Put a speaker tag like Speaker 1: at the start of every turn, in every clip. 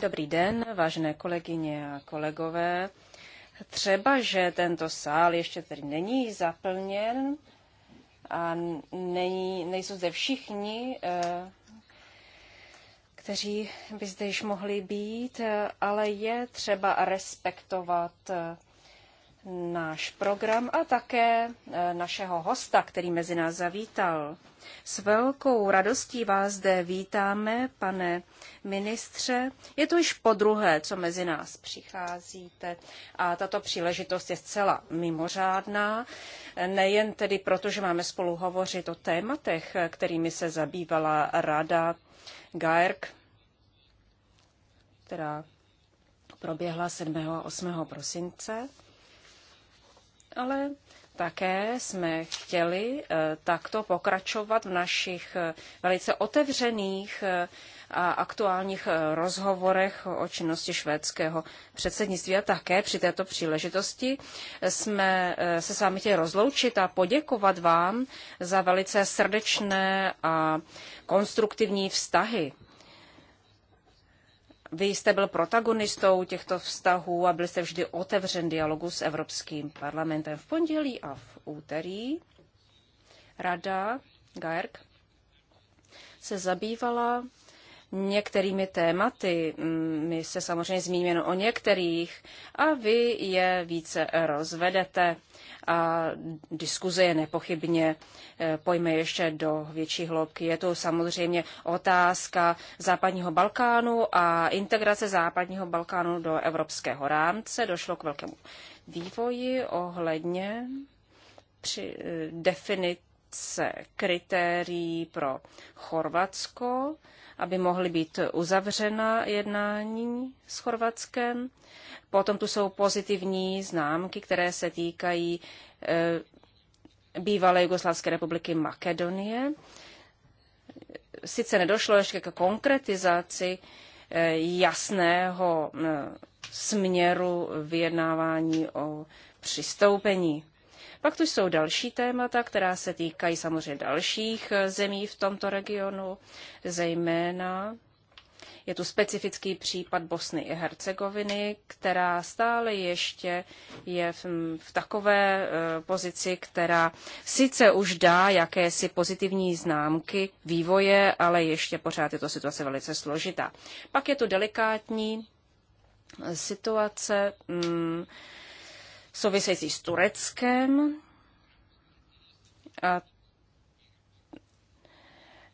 Speaker 1: Dobrý den, vážené kolegyně a kolegové. Třeba, že tento sál ještě tedy není zaplněn a není, nejsou zde všichni, eh, kteří by zde již mohli být, eh, ale je třeba respektovat eh, náš program a také e, našeho hosta, který mezi nás zavítal. S velkou radostí vás zde vítáme, pane ministře. Je to již po druhé, co mezi nás přicházíte a tato příležitost je zcela mimořádná, nejen tedy proto, že máme spolu hovořit o tématech, e, kterými se zabývala rada GAERK, která proběhla 7. a 8. prosince ale také jsme chtěli eh, takto pokračovat v našich eh, velice otevřených eh, a aktuálních rozhovorech o činnosti švédského předsednictví. A také při této příležitosti jsme se s vámi chtěli rozloučit a poděkovat vám za velice srdečné a konstruktivní vztahy vy jste byl protagonistou těchto vztahů a byl jste vždy otevřen dialogu s Evropským parlamentem v pondělí a v úterý. Rada GAERK se zabývala některými tématy. My se samozřejmě zmíníme o některých a vy je více rozvedete a diskuze je nepochybně e, pojme ještě do větší hloubky. Je to samozřejmě otázka západního Balkánu a integrace západního Balkánu do evropského rámce. Došlo k velkému vývoji ohledně při e, definice kritérií pro Chorvatsko aby mohly být uzavřena jednání s Chorvatskem. Potom tu jsou pozitivní známky, které se týkají eh, bývalé Jugoslavské republiky Makedonie. Sice nedošlo ještě k konkretizaci eh, jasného eh, směru vyjednávání o přistoupení. Pak tu jsou další témata, která se týkají samozřejmě dalších eh, zemí v tomto regionu, zejména je tu specifický případ Bosny i Hercegoviny, která stále ještě je v, v takové e, pozici, která sice už dá jakési pozitivní známky vývoje, ale ještě pořád je to situace velice složitá. Pak je tu delikátní situace. Mm, související s Tureckem. A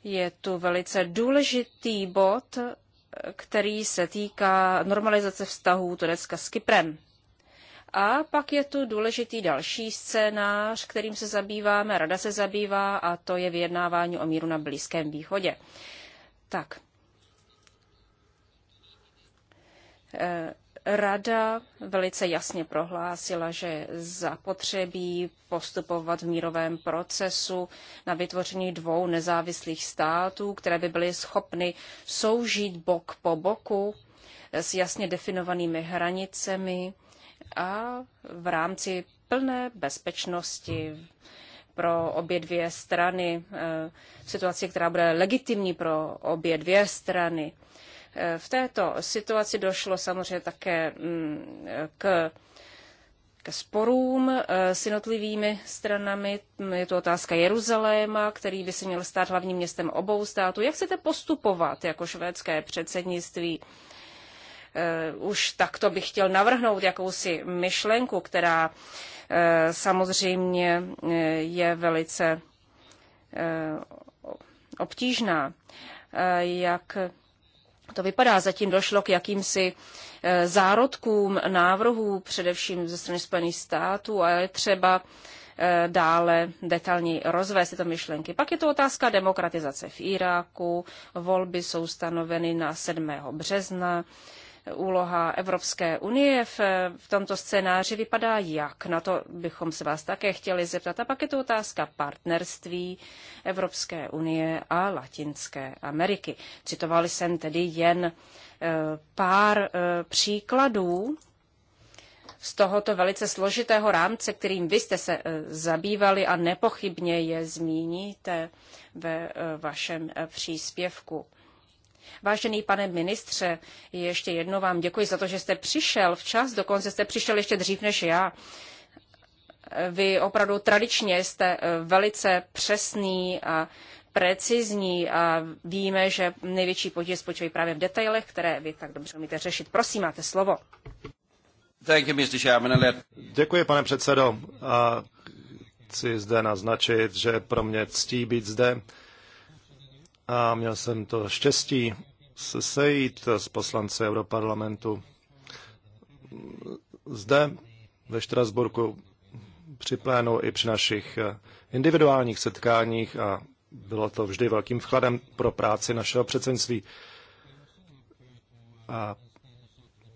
Speaker 1: je tu velice důležitý bod, který se týká normalizace vztahů Turecka s Kyprem. A pak je tu důležitý další scénář, kterým se zabýváme, rada se zabývá, a to je vyjednávání o míru na Blízkém východě. Tak. E Rada velice jasně prohlásila, že zapotřebí postupovat v mírovém procesu na vytvoření dvou nezávislých států, které by byly schopny soužít bok po boku s jasně definovanými hranicemi a v rámci plné bezpečnosti pro obě dvě strany, eh, situaci, která bude legitimní pro obě dvě strany. V této situaci došlo samozřejmě také mm, k k sporům eh, s jednotlivými stranami. Je to otázka Jeruzaléma, který by se měl stát hlavním městem obou států. Jak chcete postupovat jako švédské předsednictví? Eh, už takto bych chtěl navrhnout jakousi myšlenku, která eh, samozřejmě je velice obtížná. Jak to vypadá. Zatím došlo k jakýmsi eh, zárodkům návrhů, především ze strany Spojených států, ale třeba eh, dále detailně rozvést tyto myšlenky. Pak je to otázka demokratizace v Iráku. Volby jsou stanoveny na 7. března úloha Evropské unie v, v tomto scénáři vypadá jak? Na to bychom se vás také chtěli zeptat. A pak je to otázka partnerství Evropské unie a Latinské Ameriky. Citovali jsem tedy jen e, pár e, příkladů z tohoto velice složitého rámce, kterým vy jste se e, zabývali a nepochybně je zmíníte ve vašem příspěvku. Vážený pane ministře, ještě jednou vám děkuji za to, že jste přišel včas, dokonce jste přišel ještě dřív než já. Vy opravdu tradičně jste eh, velice přesný a precizní a víme, že největší podíl spočívají právě v detailech, které vy tak dobře umíte řešit. Prosím, máte slovo.
Speaker 2: Děkuji, pane předsedo. A chci zde naznačit, že pro mě ctí být zde a měl jsem to štěstí se sejít s poslanci Europarlamentu zde ve Štrasburku při plénu i při našich individuálních setkáních a bylo to vždy velkým vkladem pro práci našeho předsednictví. A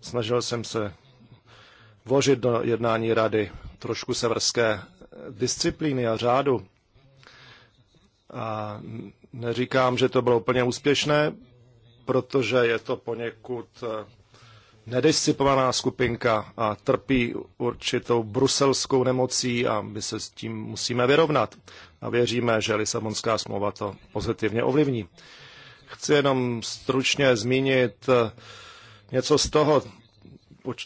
Speaker 2: snažil jsem se vložit do jednání rady trošku severské disciplíny a řádu. A Neříkám, že to bylo úplně úspěšné, protože je to poněkud eh, nedisciplinovaná skupinka a trpí určitou bruselskou nemocí a my se s tím musíme vyrovnat. A věříme, že Lisabonská smlouva to pozitivně ovlivní. Chci jenom stručně zmínit eh, něco z toho,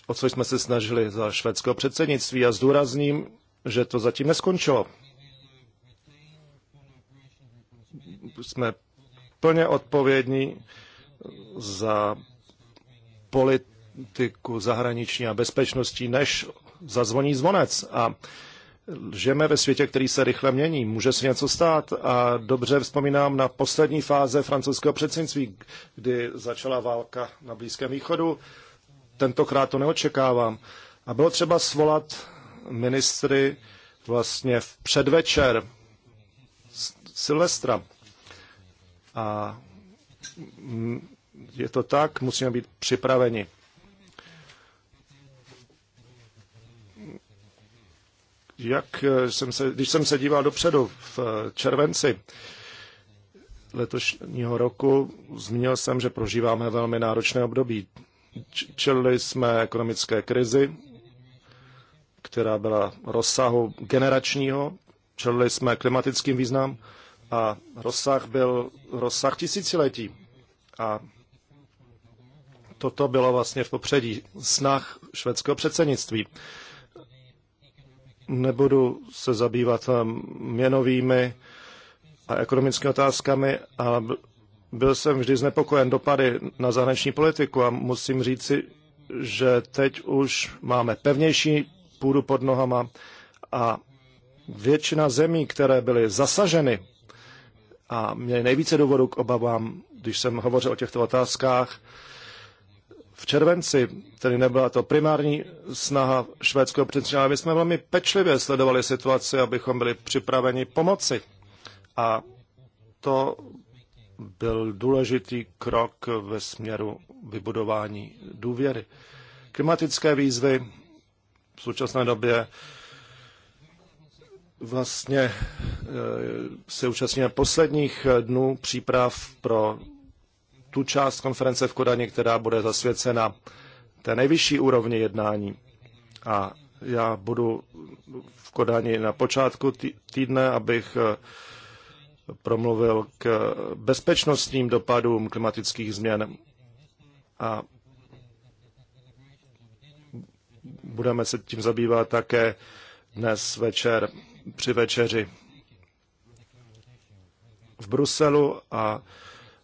Speaker 2: o co jsme se snažili za švédského předsednictví a zdůrazním, že to zatím neskončilo. jsme plně odpovědní za politiku zahraniční a bezpečnosti, než zazvoní zvonec. A žijeme ve světě, který se rychle mění. Může se něco stát. A dobře vzpomínám na poslední fáze francouzského předsednictví, kdy začala válka na Blízkém východu. Tentokrát to neočekávám. A bylo třeba svolat ministry vlastně v předvečer Silvestra. A je to tak, musíme být připraveni. Jak jsem se, když jsem se díval dopředu v červenci letošního roku, zmínil jsem, že prožíváme velmi náročné období. Čelili jsme ekonomické krizi, která byla rozsahu generačního, čelili jsme klimatickým význam, a rozsah byl rozsah tisíciletí. A toto bylo vlastně v popředí snah švédského předsednictví. Nebudu se zabývat eh, měnovými a ekonomickými otázkami, ale byl jsem vždy znepokojen dopady na zahraniční politiku a musím říci, že teď už máme pevnější půdu pod nohama a většina zemí, které byly zasaženy a měli nejvíce důvodů k obavám, když jsem hovořil o těchto otázkách. V červenci, tedy nebyla to primární snaha švédského předsednictví, my jsme velmi pečlivě sledovali situaci, abychom byli připraveni pomoci. A to byl důležitý krok ve směru vybudování důvěry. Klimatické výzvy v současné době vlastně eh, se účastníme posledních eh, dnů příprav pro tu část konference v Kodani, která bude zasvěcena té nejvyšší úrovni jednání. A já budu v Kodani na počátku týdne, abych eh, promluvil k bezpečnostním dopadům klimatických změn a budeme se tím zabývat také dnes večer při večeři v Bruselu a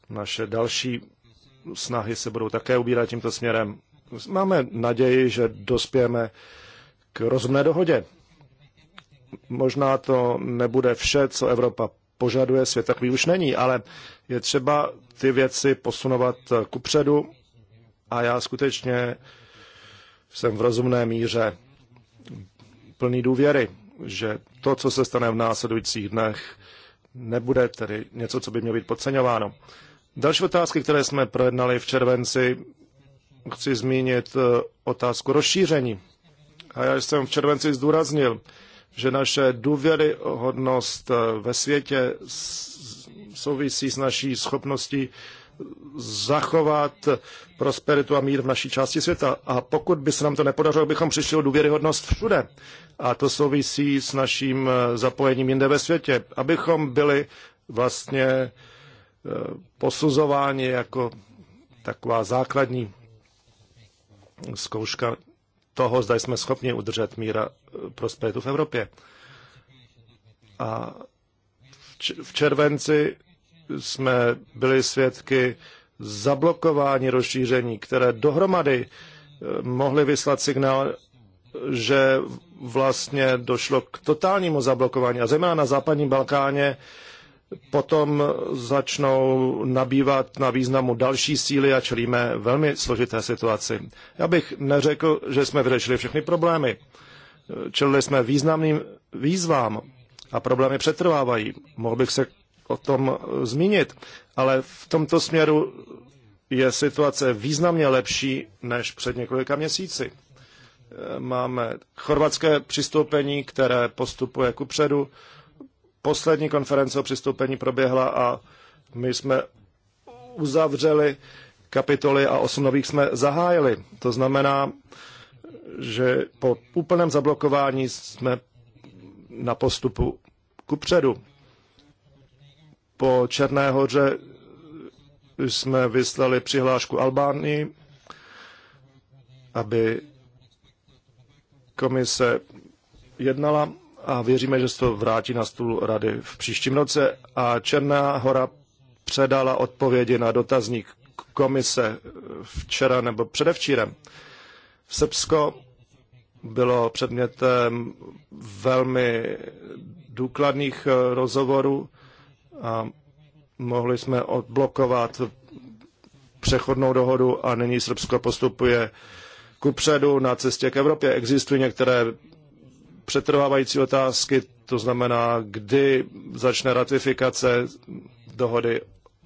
Speaker 2: naše další snahy se budou také ubírat tímto směrem. Máme naději, že dospějeme k rozumné dohodě. Možná to nebude vše, co Evropa požaduje, svět takový už není, ale je třeba ty věci posunovat kupředu a já skutečně jsem v rozumné míře plný důvěry že to, co se stane v následujících dnech, nebude tedy něco, co by mělo být podceňováno. Další otázky, které jsme projednali v červenci, chci zmínit eh, otázku rozšíření. A já jsem v červenci zdůraznil, že naše důvěryhodnost eh, ve světě souvisí s naší schopností zachovat prosperitu a mír v naší části světa. A pokud by se nám to nepodařilo, bychom přišli o důvěryhodnost všude. A to souvisí s naším eh, zapojením jinde ve světě, abychom byli vlastně eh, posuzováni jako taková základní zkouška toho, zda jsme schopni udržet míra eh, prosperitu v Evropě. A v červenci jsme byli svědky zablokování rozšíření, které dohromady eh, mohly vyslat signál, že vlastně došlo k totálnímu zablokování. A zejména na západním Balkáně potom začnou nabývat na významu další síly a čelíme velmi složité situaci. Já bych neřekl, že jsme vyřešili všechny problémy. Čelili jsme významným výzvám a problémy přetrvávají. Mohl bych se o tom eh, zmínit. Ale v tomto směru je situace významně lepší než před několika měsíci. Eh, máme chorvatské přistoupení, které postupuje ku předu. Poslední konference o přistoupení proběhla a my jsme uzavřeli kapitoly a osm nových jsme zahájili. To znamená, že po úplném zablokování jsme na postupu ku předu. Po Černé hoře jsme vyslali přihlášku Albánii, aby komise jednala a věříme, že se to vrátí na stůl rady v příštím roce. A Černá hora předala odpovědi na dotazník komise včera nebo předevčírem. Srbsko bylo předmětem velmi důkladných eh, rozhovorů a mohli jsme odblokovat přechodnou dohodu a nyní Srbsko postupuje kupředu na cestě k Evropě. Existují některé přetrvávající otázky, to znamená, kdy začne ratifikace dohody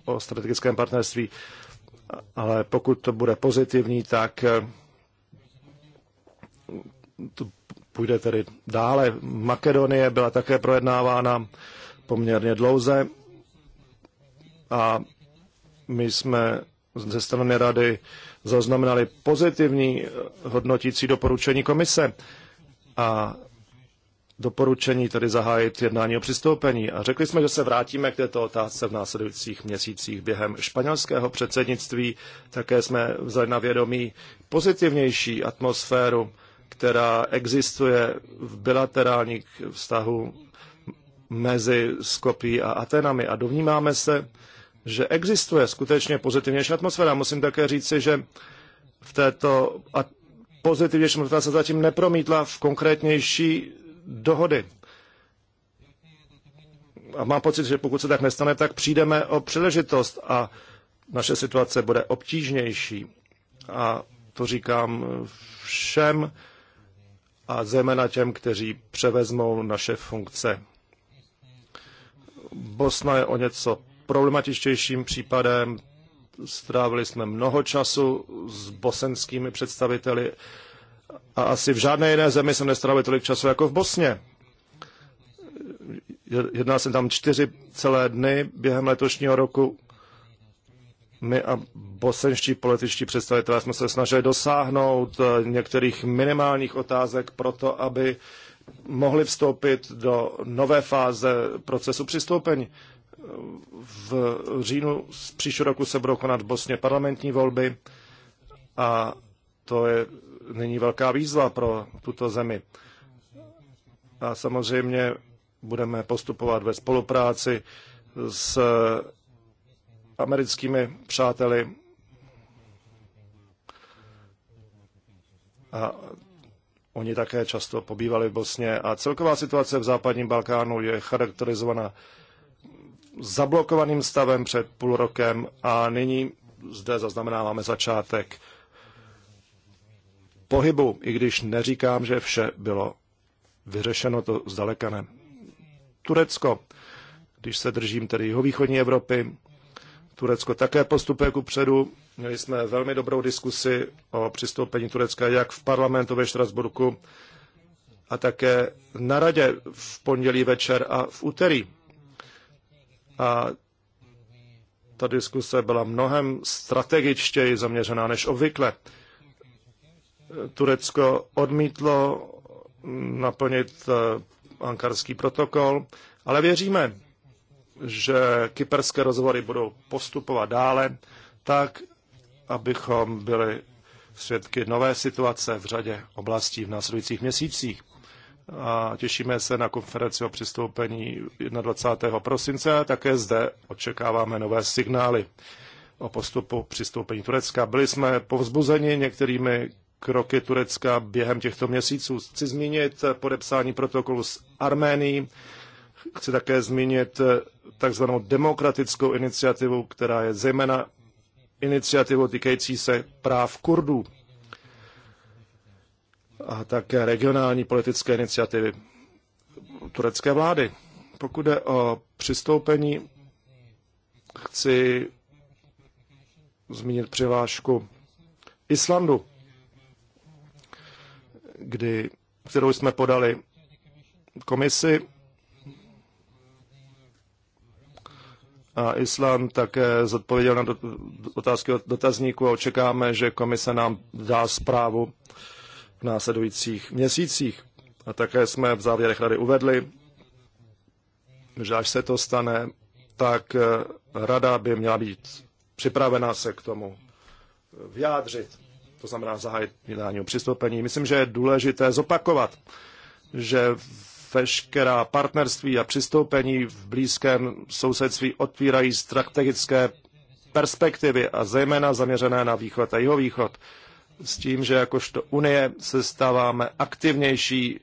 Speaker 2: o strategickém partnerství, ale pokud to bude pozitivní, tak eh, to půjde tedy dále. Makedonie byla také projednávána poměrně dlouze a my jsme ze strany rady zaznamenali pozitivní hodnotící doporučení komise a doporučení tedy zahájit jednání o přistoupení. A řekli jsme, že se vrátíme k této otázce v následujících měsících během španělského předsednictví. Také jsme vzali na vědomí pozitivnější atmosféru, která existuje v bilaterálních vztahu mezi Skopí a Atenami. A dovnímáme se, že existuje skutečně pozitivnější atmosféra. Musím také říci, že v této pozitivnější atmosféra se zatím nepromítla v konkrétnější dohody. A mám pocit, že pokud se tak nestane, tak přijdeme o příležitost a naše situace bude obtížnější. A to říkám všem a zejména těm, kteří převezmou naše funkce. Bosna je o něco problematičtějším případem. Strávili jsme mnoho času s bosenskými představiteli a asi v žádné jiné zemi jsem nestrávil tolik času jako v Bosně. Jednal jsem tam čtyři celé dny během letošního roku. My a bosenští političtí představitelé jsme se snažili dosáhnout eh, některých minimálních otázek pro to, aby mohli vstoupit do nové fáze procesu přistoupení. V říjnu z příštího roku se budou konat v Bosně parlamentní volby a to je nyní velká výzva pro tuto zemi. A samozřejmě budeme postupovat ve spolupráci s americkými přáteli a oni také často pobývali v Bosně. A celková situace v západním Balkánu je charakterizovaná zablokovaným stavem před půl rokem a nyní zde zaznamenáváme začátek pohybu, i když neříkám, že vše bylo vyřešeno, to zdaleka ne. Turecko, když se držím tedy jihovýchodní Evropy, Turecko také postupuje ku předu. Měli jsme velmi dobrou diskusi o přistoupení Turecka jak v parlamentu ve Štrasburku a také na radě v pondělí večer a v úterý a ta diskuse byla mnohem strategičtěji zaměřená než obvykle. Turecko odmítlo naplnit eh, ankarský protokol, ale věříme, že kyperské rozhovory budou postupovat dále tak, abychom byli svědky nové situace v řadě oblastí v následujících měsících a těšíme se na konferenci o přistoupení 21. prosince a také zde očekáváme nové signály o postupu přistoupení Turecka. Byli jsme povzbuzeni některými kroky Turecka během těchto měsíců. Chci zmínit podepsání protokolu s Arménií, chci také zmínit takzvanou demokratickou iniciativu, která je zejména iniciativou týkající se práv Kurdů a také regionální politické iniciativy turecké vlády. Pokud je o přistoupení, chci zmínit přihlášku Islandu, kdy, kterou jsme podali komisi a Island také zodpověděl na otázky od dotazníku a očekáme, že komise nám dá zprávu v následujících měsících. A také jsme v závěrech rady uvedli, že až se to stane, tak eh, rada by měla být připravena se k tomu eh, vyjádřit. To znamená zahájit jednání o přistoupení. Myslím, že je důležité zopakovat, že veškerá partnerství a přistoupení v blízkém sousedství otvírají strategické perspektivy a zejména zaměřené na východ a jihovýchod. východ s tím, že jakožto Unie se stáváme aktivnější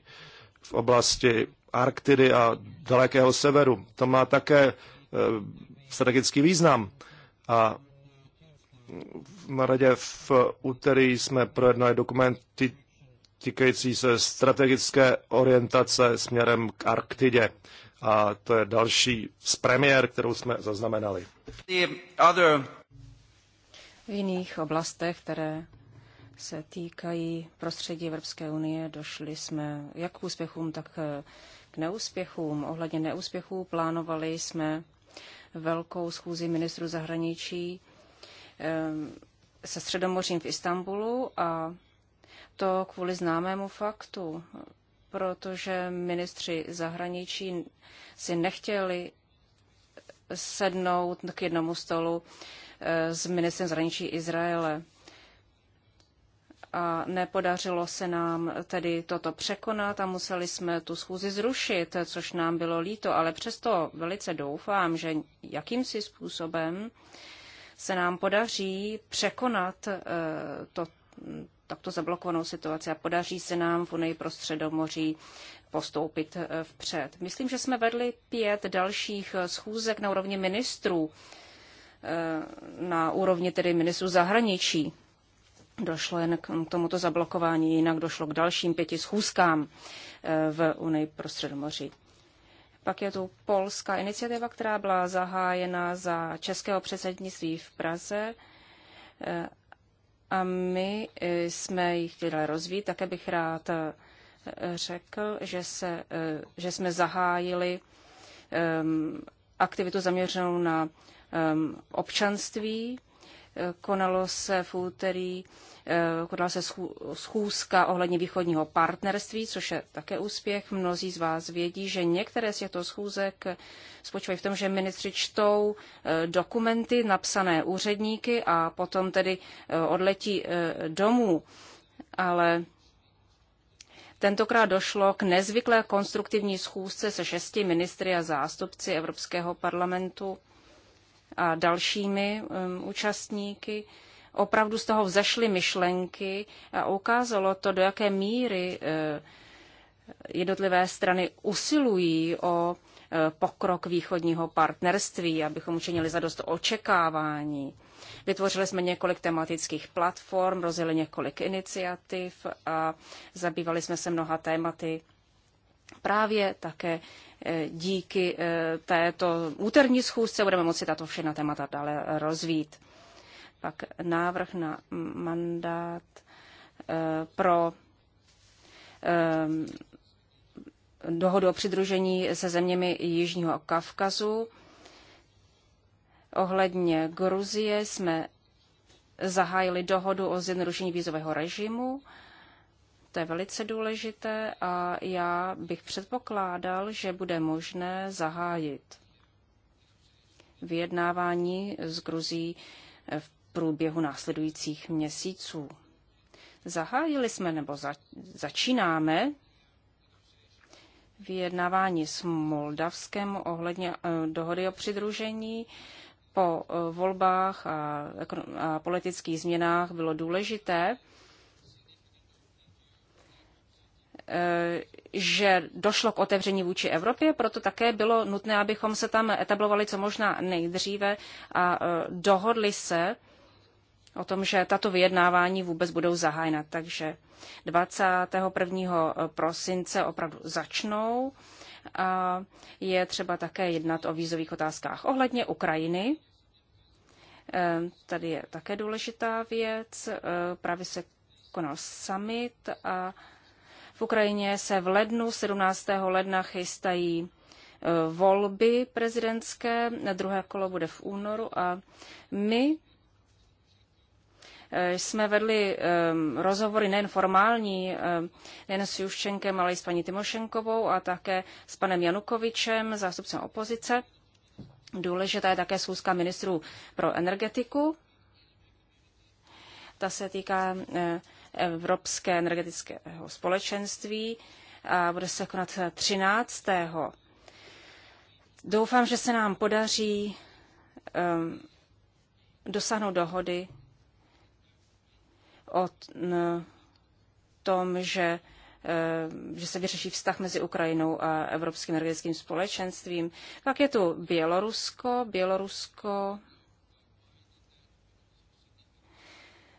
Speaker 2: v oblasti Arktidy a dalekého severu. To má také e, strategický význam. A na radě v úterý jsme projednali dokumenty týkající se strategické orientace směrem k Arktidě. A to je další z premiér, kterou jsme zaznamenali.
Speaker 1: V jiných oblastech, které se týkají prostředí Evropské unie. Došli jsme jak k úspěchům, tak eh, k neúspěchům. Ohledně neúspěchů plánovali jsme velkou schůzi ministrů zahraničí eh, se Středomořím v Istanbulu a to kvůli známému faktu, protože ministři zahraničí si nechtěli sednout k jednomu stolu eh, s ministrem zahraničí Izraele a nepodařilo se nám tedy toto překonat a museli jsme tu schůzi zrušit, což nám bylo líto, ale přesto velice doufám, že jakýmsi způsobem se nám podaří překonat eh, to, takto zablokovanou situaci a podaří se nám v Unii pro středomoří postoupit eh, vpřed. Myslím, že jsme vedli pět dalších eh, schůzek na úrovni ministrů, na úrovni tedy ministrů zahraničí došlo jen k tomuto zablokování, jinak došlo k dalším pěti schůzkám eh, v Unii pro Středomoří. Pak je tu polská iniciativa, která byla zahájena za českého předsednictví v Praze eh, a my eh, jsme ji chtěli rozvíjet. Také bych rád řekl, že, se, že jsme zahájili ehm, aktivitu zaměřenou na ehm, občanství. Konalo se v úterý Eh, konala se schůzka ohledně východního partnerství, což je také úspěch. Mnozí z vás vědí, že některé z těchto schůzek spočívají v tom, že ministři čtou eh, dokumenty napsané úředníky a potom tedy eh, odletí domů. Ale Tentokrát došlo k nezvyklé konstruktivní schůzce se šesti ministry a zástupci Evropského parlamentu a dalšími um, účastníky opravdu z toho vzešly myšlenky a ukázalo to, do jaké míry eh, jednotlivé strany usilují o eh, pokrok východního partnerství, abychom učinili zadost očekávání. Vytvořili jsme několik tematických platform, rozjeli několik iniciativ a zabývali jsme se mnoha tématy právě také eh, díky této úterní schůzce budeme moci tato všechna témata dále rozvít pak návrh na mandát eh, pro eh, dohodu o přidružení se zeměmi Jižního Kavkazu. Ohledně Gruzie jsme zahájili dohodu o zjednodušení vízového režimu. To je velice důležité a já bych předpokládal, že bude možné zahájit vyjednávání s Gruzí v průběhu následujících měsíců. Zahájili jsme nebo za, začínáme vyjednávání s Moldavskem ohledně eh, dohody o přidružení. Po eh, volbách a, a politických změnách bylo důležité, eh, že došlo k otevření vůči Evropě, proto také bylo nutné, abychom se tam etablovali co možná nejdříve a dohodli se o tom, že tato vyjednávání vůbec budou zahájena. Takže 21. Eh, prosince opravdu začnou. A je třeba také jednat o vízových otázkách. Ohledně Ukrajiny, ehm, tady je také důležitá věc. Eh, právě se konal summit a v Ukrajině se v lednu, 17. ledna, chystají eh, volby prezidentské, druhé kolo bude v únoru a my jsme vedli rozhovory nejen formální, nejen s Juščenkem, ale i s paní Timošenkovou a také s panem Janukovičem, zástupcem opozice. Důležitá je také schůzka ministrů pro energetiku. Ta se týká e, Evropské energetického společenství a bude se konat 13. Doufám, že se nám podaří um, dosáhnout dohody o tom, že e, že se vyřeší vztah mezi Ukrajinou a Evropským energetickým společenstvím. Pak je tu Bělorusko. Bělorusko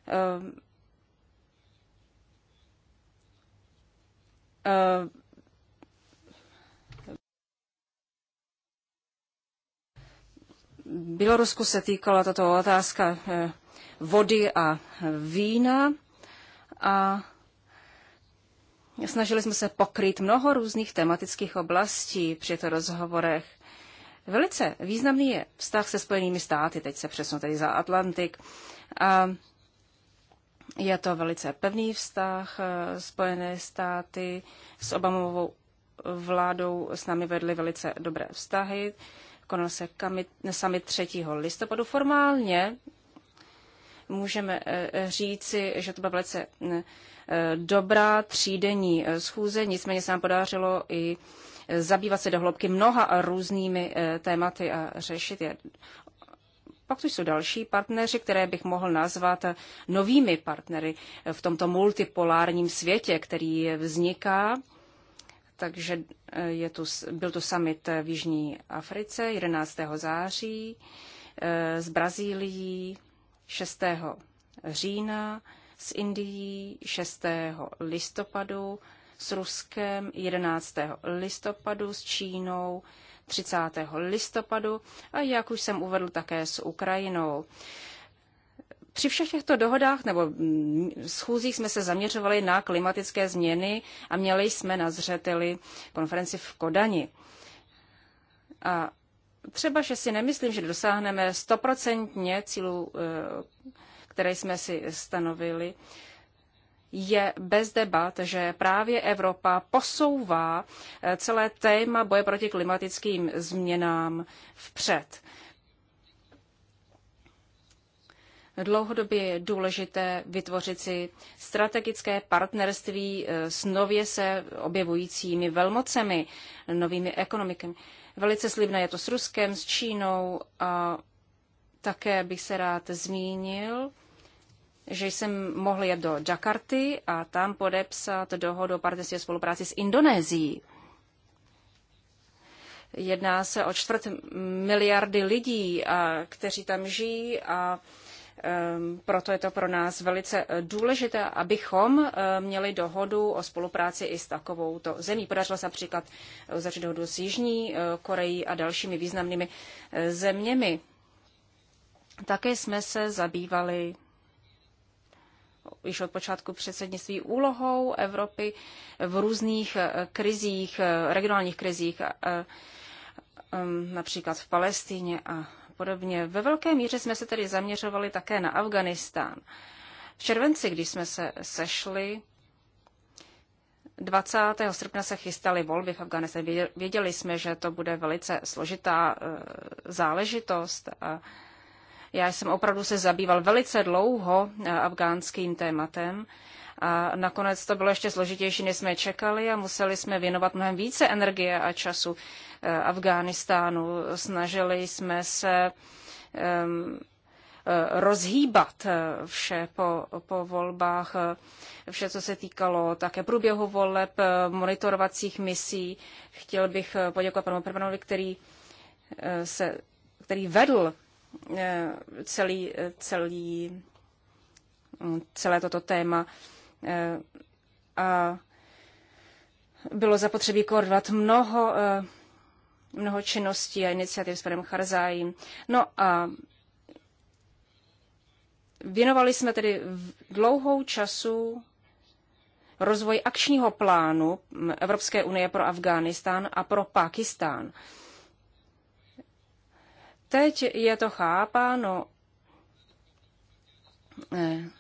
Speaker 1: e, e, Bělorusku se týkala tato otázka vody a vína a snažili jsme se pokryt mnoho různých tematických oblastí při těchto rozhovorech. Velice významný je vztah se Spojenými státy, teď se přesunu tedy za Atlantik. A je to velice pevný vztah. Eh, Spojené státy s Obamovou vládou s námi vedly velice dobré vztahy. Konal se summit 3. listopadu. Formálně můžeme eh, eh, říci, že to byla velice eh, dobrá třídenní schůze, nicméně se nám podařilo i zabývat se do hloubky mnoha různými tématy a řešit je. Pak tu jsou další partneři, které bych mohl nazvat novými partnery v tomto multipolárním světě, který vzniká. Takže je tu, byl tu summit v Jižní Africe 11. září s Brazílií, 6. října, s Indií 6. listopadu, s Ruskem 11. listopadu, s Čínou 30. listopadu a jak už jsem uvedl také s Ukrajinou. Při všech těchto dohodách nebo mm, schůzích jsme se zaměřovali na klimatické změny a měli jsme na zřeteli konferenci v Kodani. A Třeba, že si nemyslím, že dosáhneme stoprocentně cílů, eh, které jsme si stanovili, je bez debat, že právě Evropa posouvá eh, celé téma boje proti klimatickým změnám vpřed. Dlouhodobě je důležité vytvořit si strategické partnerství eh, s nově se objevujícími velmocemi, novými ekonomikami. Velice slibné je to s Ruskem, s Čínou a také bych se rád zmínil, že jsem mohl jet do Jakarty a tam podepsat dohodu o partnerství a spolupráci s Indonésií. Jedná se o čtvrt miliardy lidí, a, kteří tam žijí a Ehm, proto je to pro nás velice eh, důležité, abychom eh, měli dohodu o spolupráci i s takovouto zemí. Podařilo se například eh, uzavřít dohodu s Jižní Koreí a dalšími významnými zeměmi. Také jsme se zabývali již od počátku předsednictví úlohou Evropy v různých krizích, regionálních krizích, ehm, například v Palestíně a podobně. Ve velké míře jsme se tedy zaměřovali také na Afganistán. V červenci, když jsme se sešli, 20. srpna se chystaly volby v Afganistánu. Věděli jsme, že to bude velice složitá eh, záležitost. Já jsem opravdu se zabýval velice dlouho eh, afgánským tématem. A nakonec to bylo ještě složitější, než jsme čekali a museli jsme věnovat mnohem více energie a času eh, Afghánistánu. Snažili jsme se um, rozhýbat eh, vše po, po volbách, vše, co se týkalo také průběhu voleb, monitorovacích misí. Chtěl bych poděkovat panu Prvanovi, který, se, který vedl celý, celý, mm, celé toto téma Eh, a bylo zapotřebí koordinovat mnoho, eh, mnoho činností a iniciativ s panem Charzájím. No a věnovali jsme tedy dlouhou času rozvoj akčního plánu Evropské unie pro Afghánistán a pro Pakistán. Teď je to chápáno eh,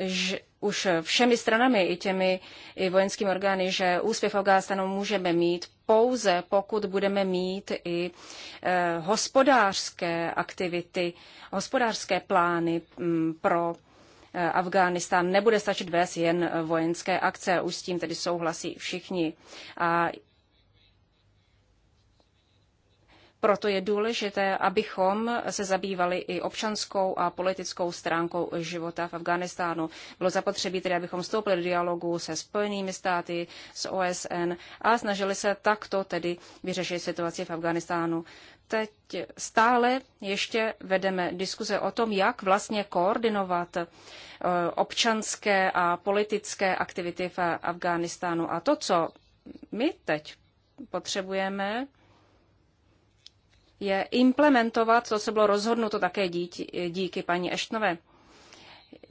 Speaker 1: že už všemi stranami, i těmi i vojenskými orgány, že úspěch v Afganistanu můžeme mít pouze, pokud budeme mít i e, hospodářské aktivity, hospodářské plány m, mm, pro e, Afghánistán. Nebude stačit vést jen vojenské akce, už s tím tedy souhlasí všichni. A Proto je důležité, abychom se zabývali i občanskou a politickou stránkou života v Afghánistánu. Bylo zapotřebí tedy, abychom vstoupili do dialogu se Spojenými státy, s OSN a snažili se takto tedy vyřešit situaci v Afghánistánu. Teď stále ještě vedeme diskuze o tom, jak vlastně koordinovat eh, občanské a politické aktivity v Afghánistánu. A to, co my teď potřebujeme, je implementovat to, co bylo rozhodnuto také díky, díky paní Eštnové.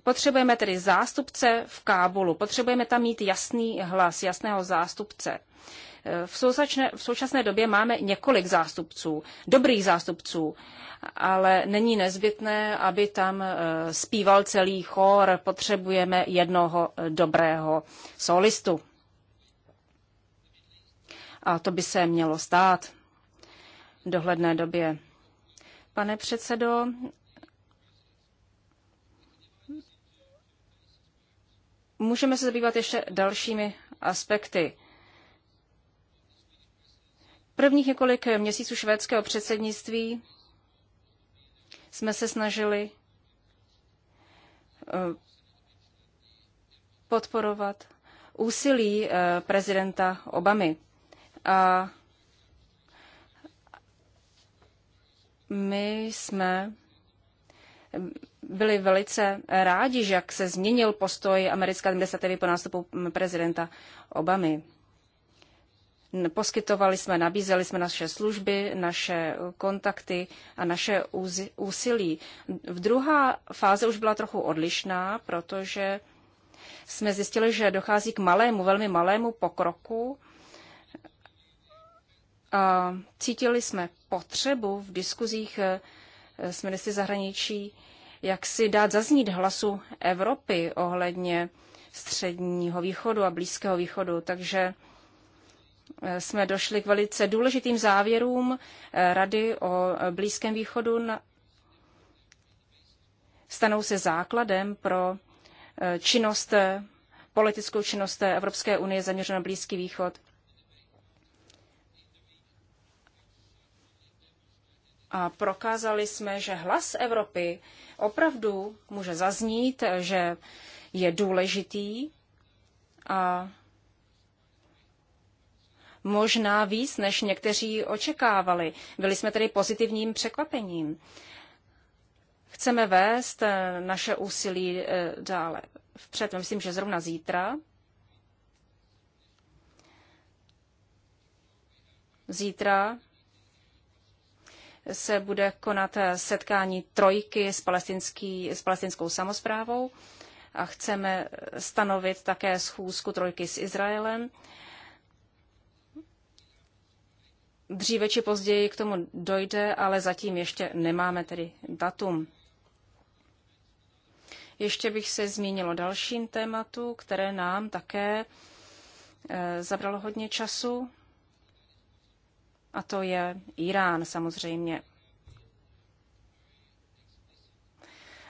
Speaker 1: Potřebujeme tedy zástupce v Kábulu, potřebujeme tam mít jasný hlas, jasného zástupce. V současné, v současné době máme několik zástupců, dobrých zástupců, ale není nezbytné, aby tam eh, zpíval celý chor. Potřebujeme jednoho dobrého solistu. A to by se mělo stát dohledné době. Pane předsedo, můžeme se zabývat ještě dalšími aspekty. Prvních několik měsíců švédského předsednictví jsme se snažili eh, podporovat úsilí eh, prezidenta Obamy. A My jsme byli velice rádi, že jak se změnil postoj americké administrativy po nástupu prezidenta Obamy. Poskytovali jsme, nabízeli jsme naše služby, naše kontakty a naše úsilí. V druhá fáze už byla trochu odlišná, protože jsme zjistili, že dochází k malému, velmi malému pokroku a cítili jsme potřebu v diskuzích eh, s ministry zahraničí, jak si dát zaznít hlasu Evropy ohledně středního východu a blízkého východu. Takže eh, jsme došli k velice důležitým závěrům eh, Rady o Blízkém východu. Stanou se základem pro činnost, politickou činnost Evropské unie zaměřenou na Blízký východ. a prokázali jsme, že hlas Evropy opravdu může zaznít, že je důležitý a možná víc, než někteří očekávali. Byli jsme tedy pozitivním překvapením. Chceme vést eh, naše úsilí eh, dále vpřed. Myslím, že zrovna zítra. Zítra se bude konat setkání trojky s, palestinský, s palestinskou samozprávou a chceme stanovit také schůzku trojky s Izraelem. Dříve či později k tomu dojde, ale zatím ještě nemáme tedy datum. Ještě bych se zmínilo dalším tématu, které nám také eh, zabralo hodně času a to je Irán samozřejmě.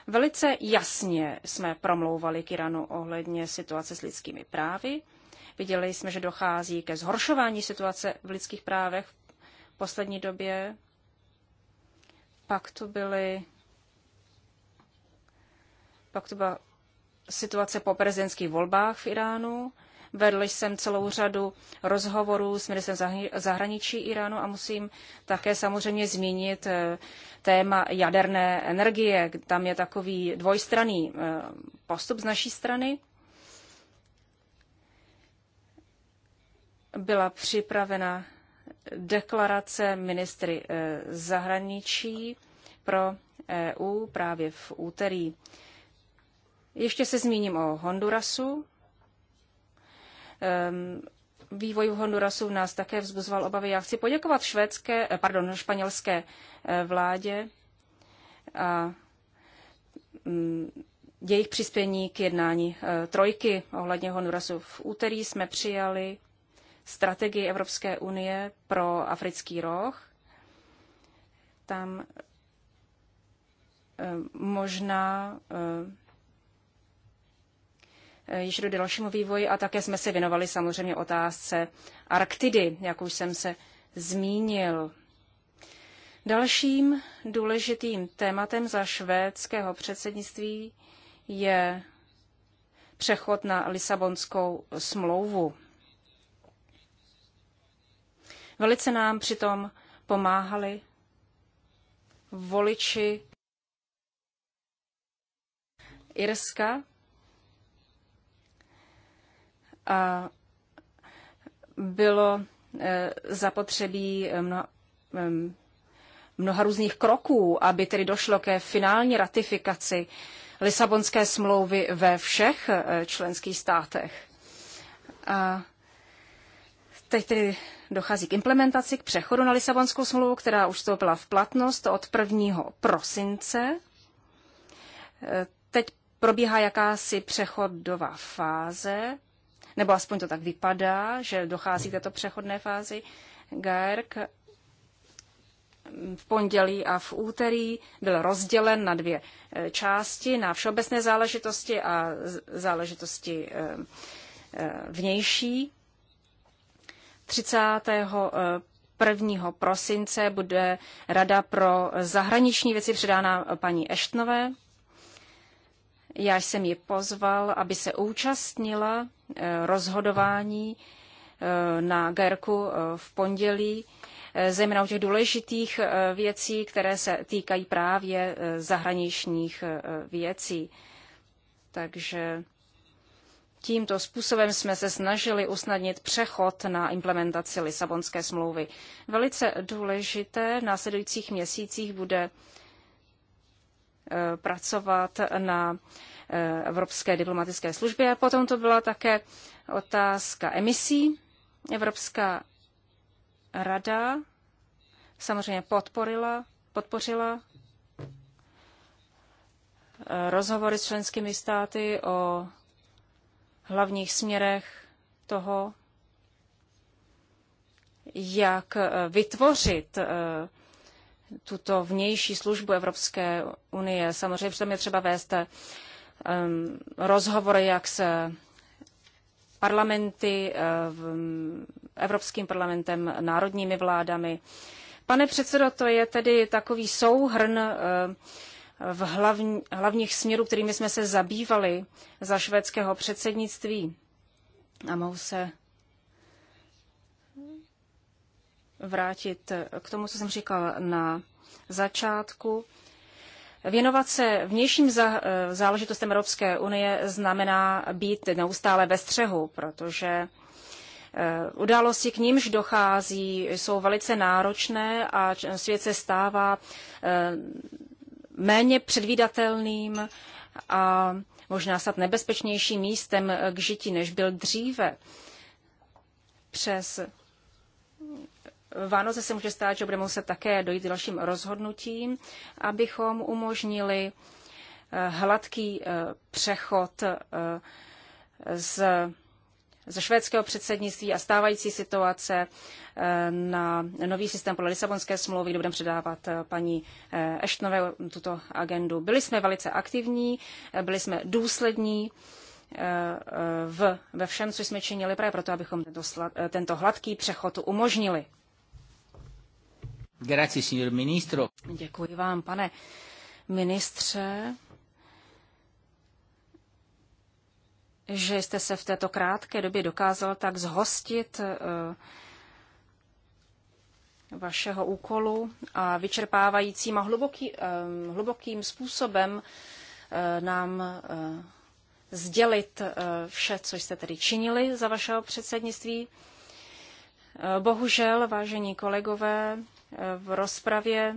Speaker 1: Velice jasně jsme promlouvali k Iranu ohledně situace s lidskými právy. Viděli jsme, že dochází ke zhoršování situace v lidských právech v poslední době. Pak to byly pak to byla situace po prezidentských volbách v Iránu. Vedl jsem celou řadu rozhovorů s ministrem zahraničí Iránu a musím také samozřejmě zmínit eh, téma jaderné energie. Tam je takový dvojstraný eh, postup z naší strany. Byla připravena deklarace ministry eh, zahraničí pro EU právě v úterý. Ještě se zmíním o Hondurasu. Ehm, vývoj v Hondurasu nás také vzbuzoval obavy. Já chci poděkovat švédské, eh, pardon, španělské eh, vládě a mm, jejich přispění k jednání eh, trojky ohledně Hondurasu. V úterý jsme přijali strategii Evropské unie pro africký roh. Tam možná Eh, již do dalšímu vývoji a také jsme se věnovali samozřejmě otázce Arktidy, jak už jsem se zmínil. Dalším důležitým tématem za švédského předsednictví je přechod na Lisabonskou smlouvu. Velice nám přitom pomáhali voliči Irska, a bylo e, zapotřebí e, mnoha, e, mnoha různých kroků, aby tedy došlo ke finální ratifikaci Lisabonské smlouvy ve všech členských státech. A teď tedy dochází k implementaci, k přechodu na Lisabonskou smlouvu, která už vstoupila v platnost od 1. prosince. Teď probíhá jakási přechodová fáze, nebo aspoň to tak vypadá, že dochází k této přechodné fázi. GERK v pondělí a v úterý byl rozdělen na dvě eh, části, na všeobecné záležitosti a záležitosti eh, eh, vnější. 30. 1. prosince bude Rada pro zahraniční věci předána paní Eštnové. Já jsem ji pozval, aby se účastnila rozhodování eh, na Gerku eh, v pondělí, eh, zejména u těch důležitých věcí, které se týkají právě zahraničních věcí. Takže tímto způsobem jsme se snažili usnadnit přechod na implementaci Lisabonské smlouvy. Velice důležité v následujících měsících bude pracovat na Eh, Evropské diplomatické službě. Potom to byla také otázka emisí. Evropská rada samozřejmě podporila, podpořila eh, rozhovory s členskými státy o hlavních směrech toho, jak eh, vytvořit tuto vnější službu Evropské unie. Samozřejmě přitom je třeba vést rozhovory jak se parlamenty, eh, Evropským parlamentem, národními vládami. Pane předsedo, to je tedy takový souhrn eh, v hlavní, hlavních směrů, kterými jsme se zabývali za švédského předsednictví. A mohu se vrátit k tomu, co jsem říkal na začátku. Věnovat se vnějším eh, záležitostem Evropské unie znamená být neustále ve střehu, protože eh, Události k nímž dochází jsou velice náročné a svět se stává eh, méně předvídatelným a možná snad nebezpečnějším místem k žití, než byl dříve. Přes Vánoce se může stát, že bude muset také dojít k dalším rozhodnutím, abychom umožnili eh, hladký eh, přechod eh, z, ze švédského předsednictví a stávající situace na nový systém podle Lisabonské smlouvy, kde budeme předávat paní Eštnové tuto agendu. Byli jsme velice aktivní, byli jsme důslední v, ve všem, co jsme činili, právě proto, abychom tento, tento hladký přechod umožnili.
Speaker 3: Grazie, signor ministro.
Speaker 1: Děkuji vám, pane ministře, že jste se v této krátké době dokázal tak zhostit eh, vašeho úkolu a vyčerpávajícím a hluboký, eh, hlubokým způsobem eh, nám sdělit vše, co jste tedy činili za vašeho předsednictví. Bohužel, vážení kolegové, v rozpravě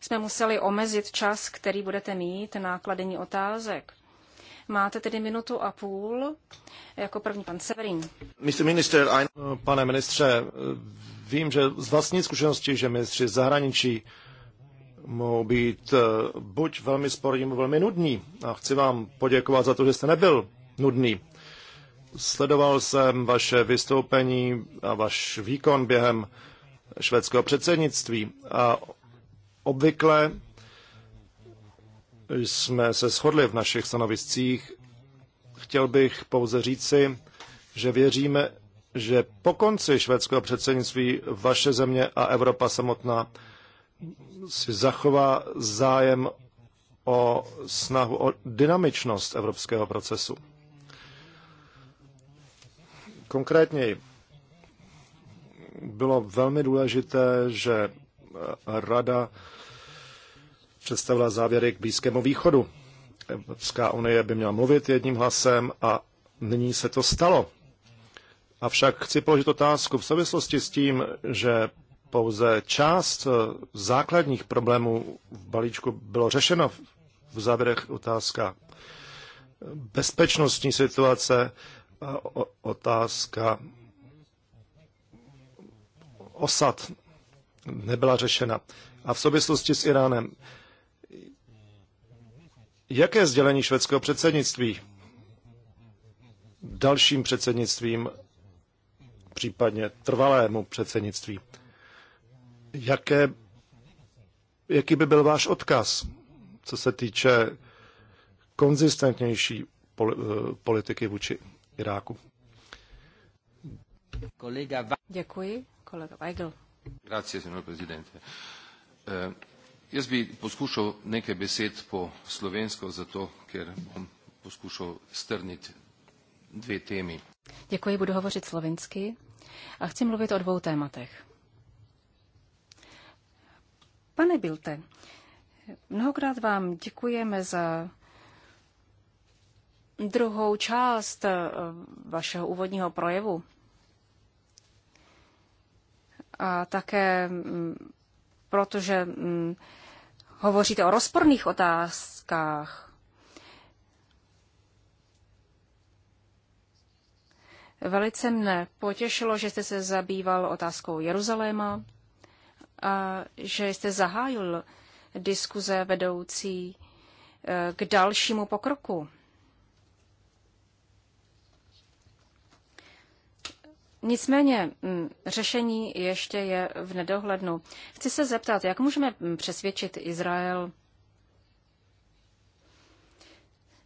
Speaker 1: jsme museli omezit čas, který budete mít na kladení otázek. Máte tedy minutu a půl. Jako první pan Severin.
Speaker 2: Minister, I... No, pane ministře, vím, že z vlastní zkušenosti, že ministři zahraničí mohou být eh, buď velmi sporní, nebo velmi nudní. A chci vám poděkovat za to, že jste nebyl nudný. Sledoval jsem vaše vystoupení a váš výkon během švédského předsednictví. A obvykle jsme se shodli v našich stanoviscích. Chtěl bych pouze říci, že věříme, že po konci švédského předsednictví vaše země a Evropa samotná si zachová zájem o snahu o dynamičnost evropského procesu. Konkrétněji, bylo velmi důležité, že eh, Rada představila závěry k Blízkému východu. Evropská unie by měla mluvit jedním hlasem a nyní se to stalo. Avšak chci položit otázku v souvislosti s tím, že pouze část eh, základních problémů v balíčku bylo řešeno v závěrech otázka bezpečnostní situace otázka osad nebyla řešena. A v souvislosti s Iránem, jaké sdělení švédského předsednictví dalším předsednictvím, případně trvalému předsednictví, jaké, jaký by byl váš odkaz, co se týče konzistentnější eh, politiky vůči Iráku?
Speaker 1: Děkuji. Kolega Weigl.
Speaker 2: Grazie, signor Presidente. Eh, jaz bi poskušal nekaj besed po slovensko, zato ker bom poskušal strniti dve temi.
Speaker 1: Děkuji, budu hovořit slovensky a chci mluvit o dvou tématech. Pane Bilte, mnohokrát vám děkujeme za druhou část eh, vašeho úvodního projevu. A také mm, protože mm, hovoříte o rozporných otázkách. Velice mne potěšilo, že jste se zabýval otázkou Jeruzaléma a že jste zahájil diskuze vedoucí eh, k dalšímu pokroku Nicméně mm, řešení ještě je v nedohlednu. Chci se zeptat, jak můžeme mm, přesvědčit Izrael,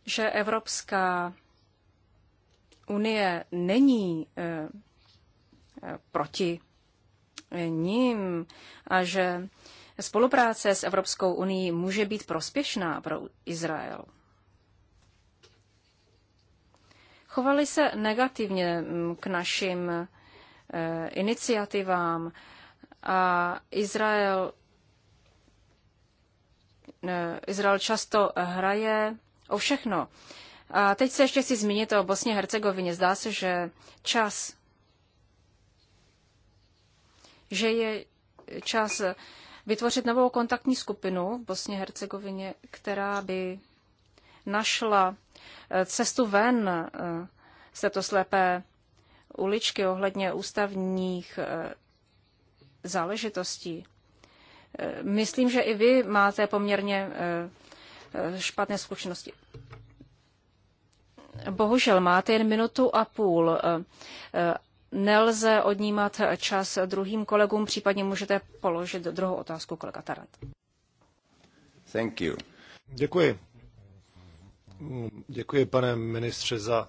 Speaker 1: že Evropská unie není e, e, proti ním a že spolupráce s Evropskou unii může být prospěšná pro Izrael. chovali se negativně mm, k našim eh, iniciativám a Izrael, eh, Izrael často hraje o všechno. A teď se ještě chci zmínit o Bosně Hercegovině. Zdá se, že čas, že je čas vytvořit novou kontaktní skupinu v Bosně Hercegovině, která by našla cestu ven eh, z této slepé uličky ohledně ústavních eh, záležitostí. Eh, myslím, že i vy máte poměrně špatné zkušenosti. Bohužel máte jen minutu a půl. Nelze odnímat čas druhým kolegům, případně můžete položit druhou otázku kolega Tarant.
Speaker 2: Thank you. Děkuji. Děkuji, pane ministře, za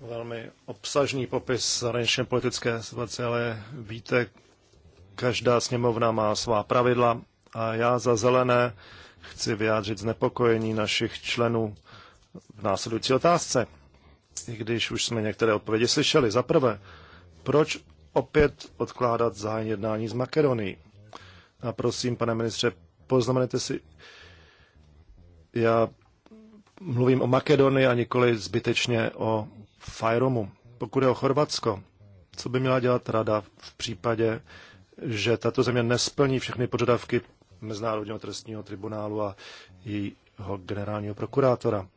Speaker 2: velmi obsažný popis zahraničně politické situace, ale víte, každá sněmovna má svá pravidla a já za zelené chci vyjádřit znepokojení našich členů v následující otázce. I když už jsme některé odpovědi slyšeli. Za prvé, proč opět odkládat zájem jednání z Makedonií? A prosím, pane ministře, poznamenete si, já mluvím o Makedonii a nikoli zbytečně o Fajromu. Pokud je o Chorvatsko, co by měla dělat rada v případě, že tato země nesplní všechny požadavky Mezinárodního trestního tribunálu a jejího generálního prokurátora.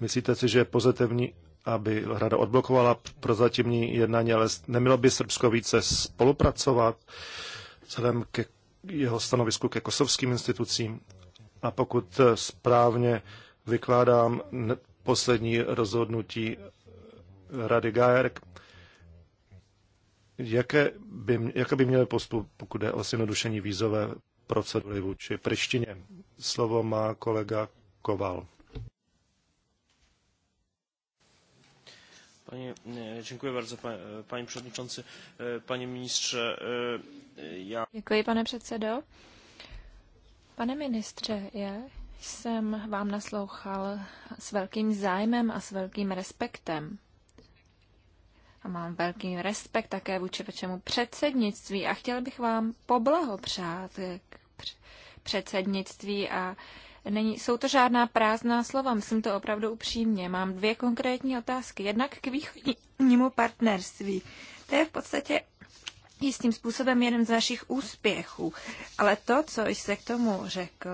Speaker 2: Myslíte si, že je pozitivní, aby rada odblokovala prozatímní jednání, ale nemělo by Srbsko více spolupracovat vzhledem ke jeho stanovisku ke kosovským institucím? A pokud eh, správně vykládám poslední rozhodnutí Rady GAERK, jaké by, jaké by měly postup, pokud je o zjednodušení vízové procedury vůči Prištině. Slovo má kolega Koval. Panie, e, dziękuję bardzo, panie, panie przewodniczący, e, panie ministrze. E, ja...
Speaker 3: Dziękuję, pane předsedo. Pane ministře, ja jsem vám naslouchal s velkým zájmem a s velkým respektem. A mám velký respekt také vůči vašemu předsednictví a chtěl bych vám poblahopřát k předsednictví a Není, jsou to žádná prázdná slova, myslím to opravdu upřímně. Mám dvě konkrétní otázky. Jednak k východnímu partnerství. To je v podstatě jistým způsobem jeden z našich úspěchů. Ale to, co jste k tomu řekl,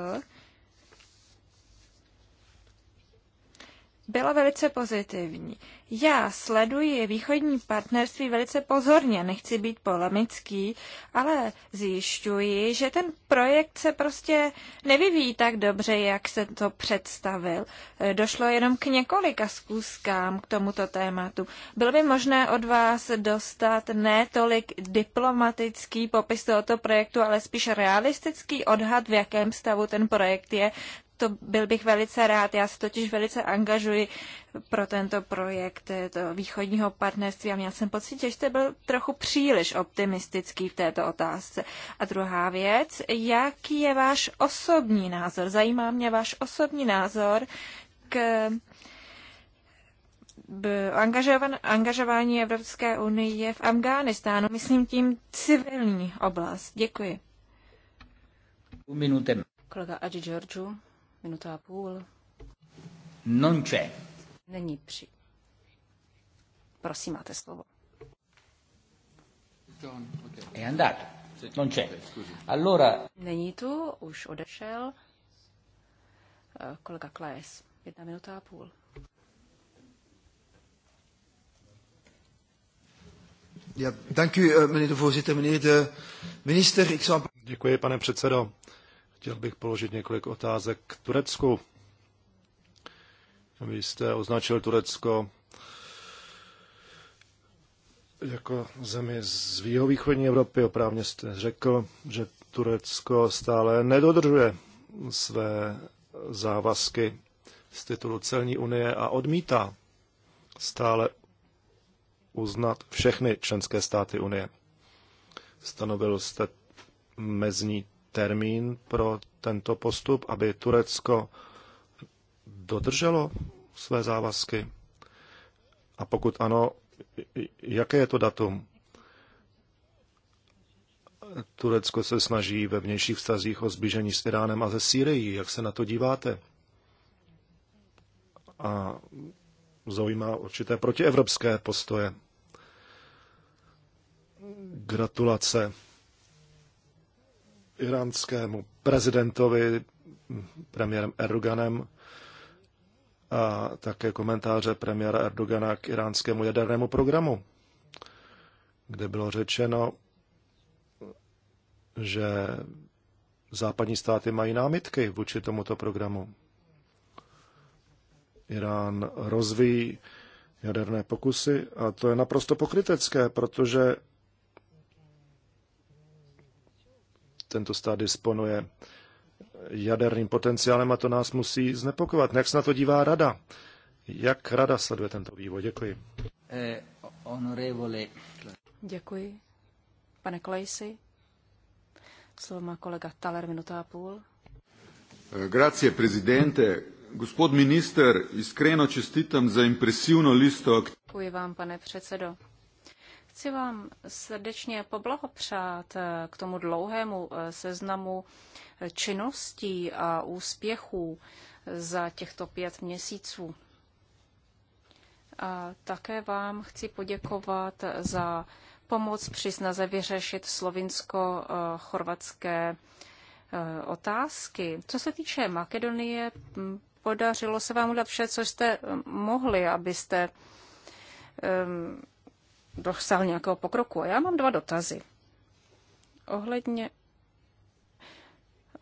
Speaker 3: byla velice pozitivní. Já sleduji východní partnerství velice pozorně, nechci být polemický, ale zjišťuji, že ten projekt se prostě nevyvíjí tak dobře, jak se to představil. Došlo jenom k několika zkuskám k tomuto tématu. Bylo by možné od vás dostat netolik diplomatický popis tohoto projektu, ale spíš realistický odhad, v jakém stavu ten projekt je, to byl bych velice rád. Já se totiž velice angažuji pro tento projekt eh, to východního partnerství a měl jsem pocit, že jste byl trochu příliš optimistický v této otázce. A druhá věc, jaký je váš osobní názor? Zajímá mě váš osobní názor k angažování Evropské unie v Afghánistánu, myslím tím civilní oblast. Děkuji. Minutem. Kolega Adi Georgiou. Minuta a půl. Non c'è.
Speaker 1: Není při. Prosím, máte slovo.
Speaker 3: John, okay. È andato. Non c'è. Allora...
Speaker 1: Není tu, už odešel. Eh, kolega Klaes, jedna minuta a půl.
Speaker 2: Ja, dank u, eh, meneer de voorzitter. Meneer de minister, ik zou... Děkuji, pane předsedo. Chtěl bych položit několik otázek k Turecku. Vy jste označil Turecko jako zemi z východní Evropy. Oprávně jste řekl, že Turecko stále nedodržuje své závazky z titulu celní unie a odmítá stále uznat všechny členské státy unie. Stanovil jste mezní termín pro tento postup, aby Turecko dodrželo své závazky? A pokud ano, jaké je to datum? Turecko se snaží ve vnějších vztazích o zblížení s Iránem a ze Sýrií. Jak se na to díváte? A zaujímá určité protievropské postoje. Gratulace iránskému prezidentovi, premiérem Erdoganem, a také komentáře premiéra Erdogana k iránskému jadernému programu, kde bylo řečeno, že západní státy mají námitky vůči tomuto programu. Irán rozvíjí jaderné pokusy a to je naprosto pokrytecké, protože tento stát disponuje jaderným potenciálem a to nás musí znepokovat. Jak se na to dívá rada? Jak rada sleduje tento vývoj? Děkuji.
Speaker 3: Eh,
Speaker 1: Děkuji. Pane Klejsi, slovo má kolega Taler, minuta a půl.
Speaker 3: Eh, grazie, prezidente. Gospod minister, iskreno čestitam za impresivno listo.
Speaker 1: Děkuji vám, pane předsedo. Chci vám srdečně poblahopřát eh, k tomu dlouhému eh, seznamu eh, činností a úspěchů za těchto pět měsíců. A také vám chci poděkovat za pomoc při snaze vyřešit slovinsko-chorvatské otázky. Co se týče Makedonie, mm, podařilo se vám udělat vše, co jste mohli, abyste um, dosáhl nějakého pokroku. A já mám dva dotazy. Ohledně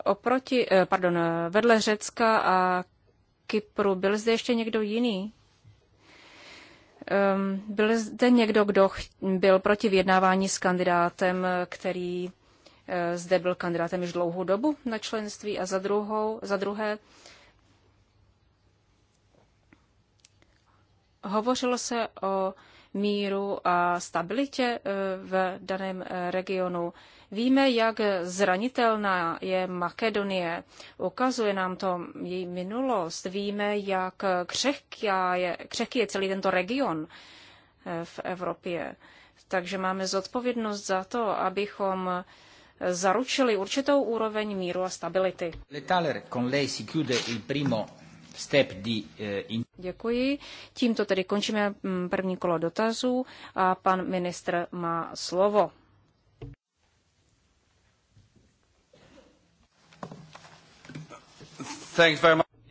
Speaker 1: oproti, eh, pardon, vedle Řecka a Kypru, byl zde ještě někdo jiný? Ehm, byl zde někdo, kdo byl proti vyjednávání s kandidátem, který eh, zde byl kandidátem již dlouhou dobu na členství a za, druhou, za druhé hovořilo se o míru a stabilitě eh, v daném eh, regionu. Víme, jak zranitelná je Makedonie. Ukazuje nám to její minulost. Víme, jak křehký je, křehký je celý tento region eh, v Evropě. Takže máme zodpovědnost za to, abychom zaručili určitou úroveň míru a stability.
Speaker 3: Eh,
Speaker 1: Děkuji. Tímto tedy končíme mm, první kolo dotazů a pan ministr má slovo.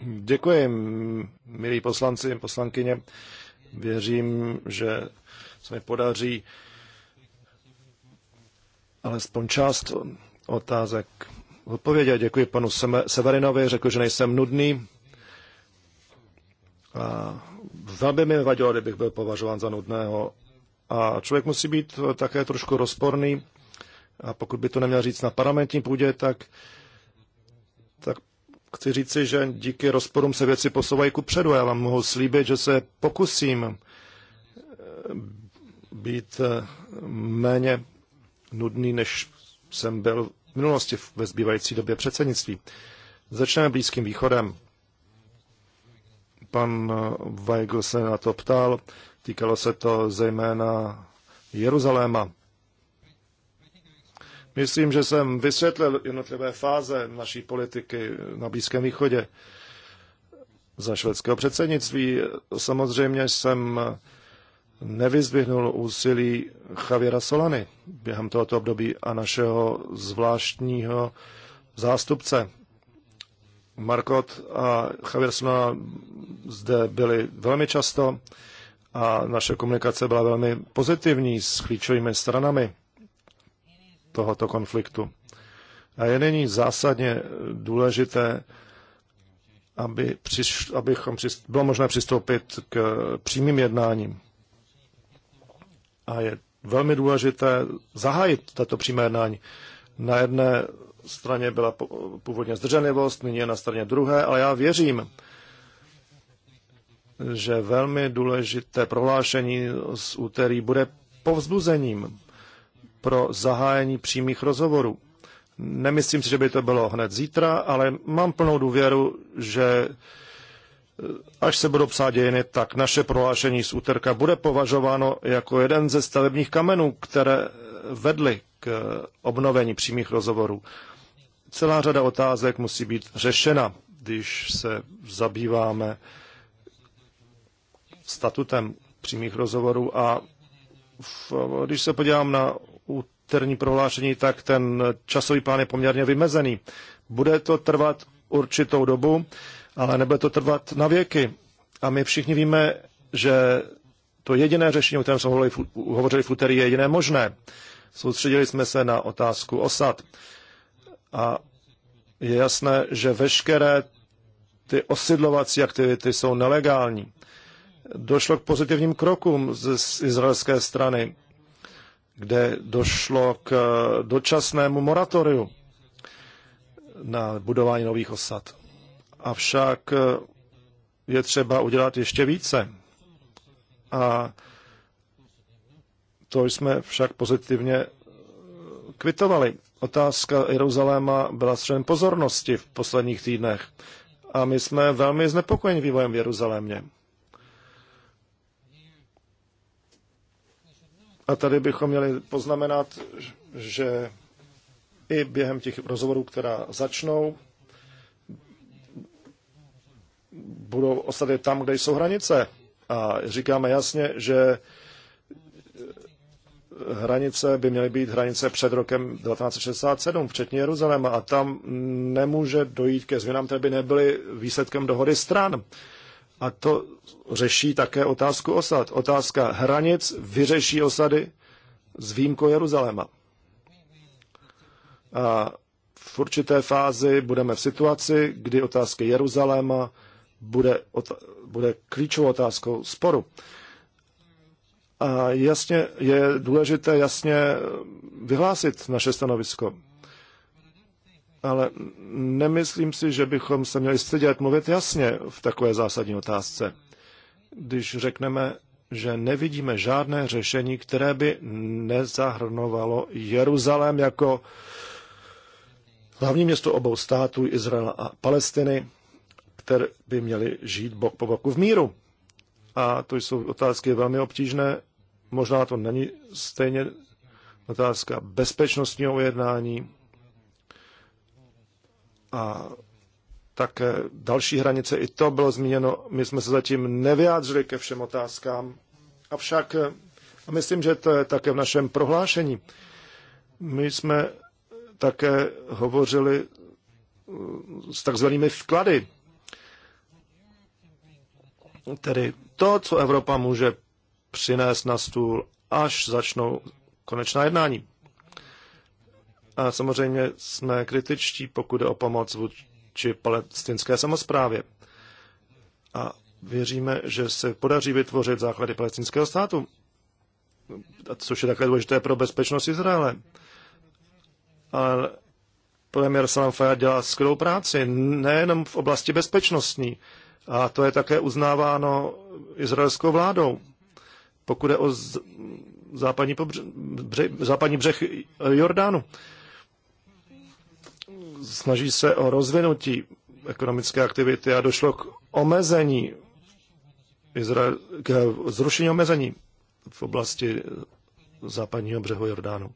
Speaker 2: Děkuji, milí poslanci, poslankyně. Věřím, že se mi podaří alespoň část otázek odpovědět. Děkuji panu Severinovi, řekl, že nejsem nudný a velmi mi bych byl považován za nudného. A člověk musí být eh, také trošku rozporný. A pokud by to neměl říct na parlamentní půdě, tak, tak chci říci, že díky rozporům se věci posouvají ku předu. Já vám mohu slíbit, že se pokusím eh, být eh, méně nudný, než jsem byl v minulosti ve zbývající době předsednictví. Začneme Blízkým východem. Pan Weigl se na to ptal. Týkalo se to zejména Jeruzaléma. Myslím, že jsem vysvětlil jednotlivé fáze naší politiky na Blízkém východě za švédského předsednictví. Samozřejmě jsem nevyzvihnul úsilí Javiera Solany během tohoto období a našeho zvláštního zástupce Markot a Javier Suna zde byli velmi často a naše komunikace byla velmi pozitivní s klíčovými stranami tohoto konfliktu. A je nyní zásadně důležité, aby přiš, abychom přist, bylo možné přistoupit k přímým jednáním. A je velmi důležité zahájit tato přímé jednání. Na jedné straně byla původně zdrženlivost, nyní je na straně druhé, ale já věřím, že velmi důležité prohlášení z úterý bude povzbuzením pro zahájení přímých rozhovorů. Nemyslím si, že by to bylo hned zítra, ale mám plnou důvěru, že eh, až se budou psát dějiny, tak naše prohlášení z úterka bude považováno jako jeden ze stavebních kamenů, které vedly k eh, obnovení přímých rozhovorů celá řada otázek musí být řešena, když se zabýváme statutem přímých rozhovorů a v, když se podívám na úterní prohlášení, tak ten časový plán je poměrně vymezený. Bude to trvat určitou dobu, ale nebude to trvat na věky. A my všichni víme, že to jediné řešení, o kterém jsme hovořili v úterý, je jediné možné. Soustředili jsme se na otázku osad a je jasné, že veškeré ty osidlovací aktivity jsou nelegální. Došlo k pozitivním krokům z izraelské strany, kde došlo k eh, dočasnému moratoriu na budování nových osad. Avšak eh, je třeba udělat ještě více. A to jsme však pozitivně eh, kvitovali otázka Jeruzaléma byla středem pozornosti v posledních týdnech a my jsme velmi znepokojeni vývojem v Jeruzalémě. A tady bychom měli poznamenat, že i během těch rozhovorů, která začnou, budou osady tam, kde jsou hranice. A říkáme jasně, že hranice by měly být hranice před rokem 1967, včetně Jeruzaléma, a tam nemůže dojít ke změnám, které by nebyly výsledkem dohody stran. A to řeší také otázku osad. Otázka hranic vyřeší osady s výjimkou Jeruzaléma. A v určité fázi budeme v situaci, kdy otázka Jeruzaléma bude, bude klíčovou otázkou sporu. A jasně, je důležité jasně vyhlásit naše stanovisko. Ale nemyslím si, že bychom se měli stydět mluvit jasně v takové zásadní otázce. Když řekneme, že nevidíme žádné řešení, které by nezahrnovalo Jeruzalém jako hlavní město obou států, Izraela a Palestiny, které by měly žít bok po boku v míru. A to jsou otázky velmi obtížné Možná to není stejně otázka bezpečnostního ujednání a tak další hranice. I to bylo zmíněno. My jsme se zatím nevyjádřili ke všem otázkám. Avšak, a myslím, že to je také v našem prohlášení, my jsme také hovořili eh, s takzvanými vklady. Tedy to, co Evropa může přinést na stůl, až začnou konečná jednání. A samozřejmě jsme kritičtí, pokud jde o pomoc vůči palestinské samozprávě. A věříme, že se podaří vytvořit základy palestinského státu, což je také důležité pro bezpečnost Izraele. Ale premiér Salam Fayyad dělá skvělou práci, nejenom v oblasti bezpečnostní, a to je také uznáváno izraelskou vládou pokud je o západní, pobře, západní břeh Jordánu. Snaží se o rozvinutí ekonomické aktivity a došlo k omezení, k zrušení omezení v oblasti západního břehu Jordánu.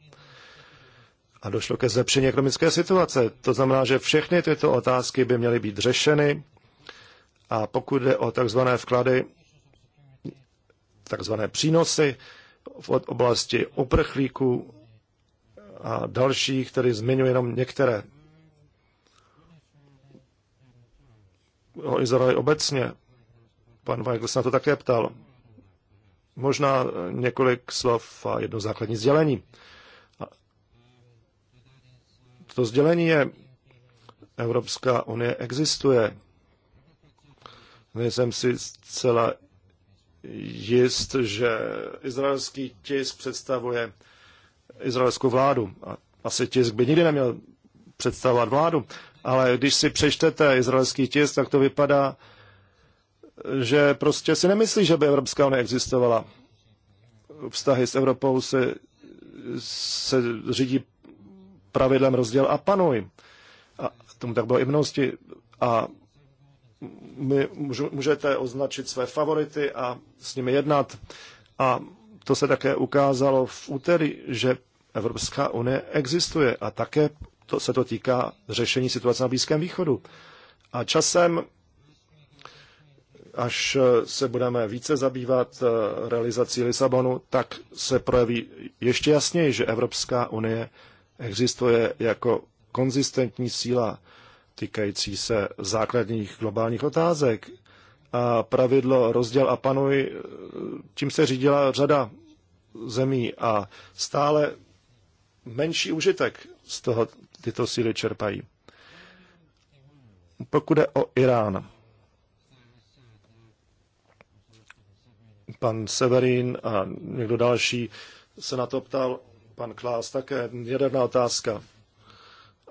Speaker 2: A došlo ke zlepšení ekonomické situace. To znamená, že všechny tyto otázky by měly být řešeny. A pokud jde o takzvané vklady, takzvané přínosy v oblasti oprchlíků a dalších, které zmiňuji jenom některé. O no, Izraeli obecně. Pan Weigl se na to také ptal. Možná několik slov a jedno základní sdělení. To sdělení je, Evropská unie existuje. Nejsem si zcela jist, že izraelský tisk představuje izraelskou vládu. A asi tisk by nikdy neměl představovat vládu, ale když si přečtete izraelský tisk, tak to vypadá, že prostě si nemyslí, že by Evropská unie existovala. Vztahy s Evropou se, se řídí pravidlem rozděl a panuj. A tomu tak bylo i mnohosti. A my můžete označit své favority a s nimi jednat. A to se také ukázalo v úterý, že Evropská unie existuje a také to se to týká řešení situace na Blízkém východu. A časem, až eh, se budeme více zabývat eh, realizací Lisabonu, tak se projeví ještě jasněji, že Evropská unie existuje jako konzistentní síla, týkající se základních globálních otázek. A pravidlo rozděl a panuj, tím se řídila řada zemí a stále menší užitek z toho tyto síly čerpají. Pokud je o Irán, pan Severin a někdo další se na to ptal, pan Klás také, jaderná otázka.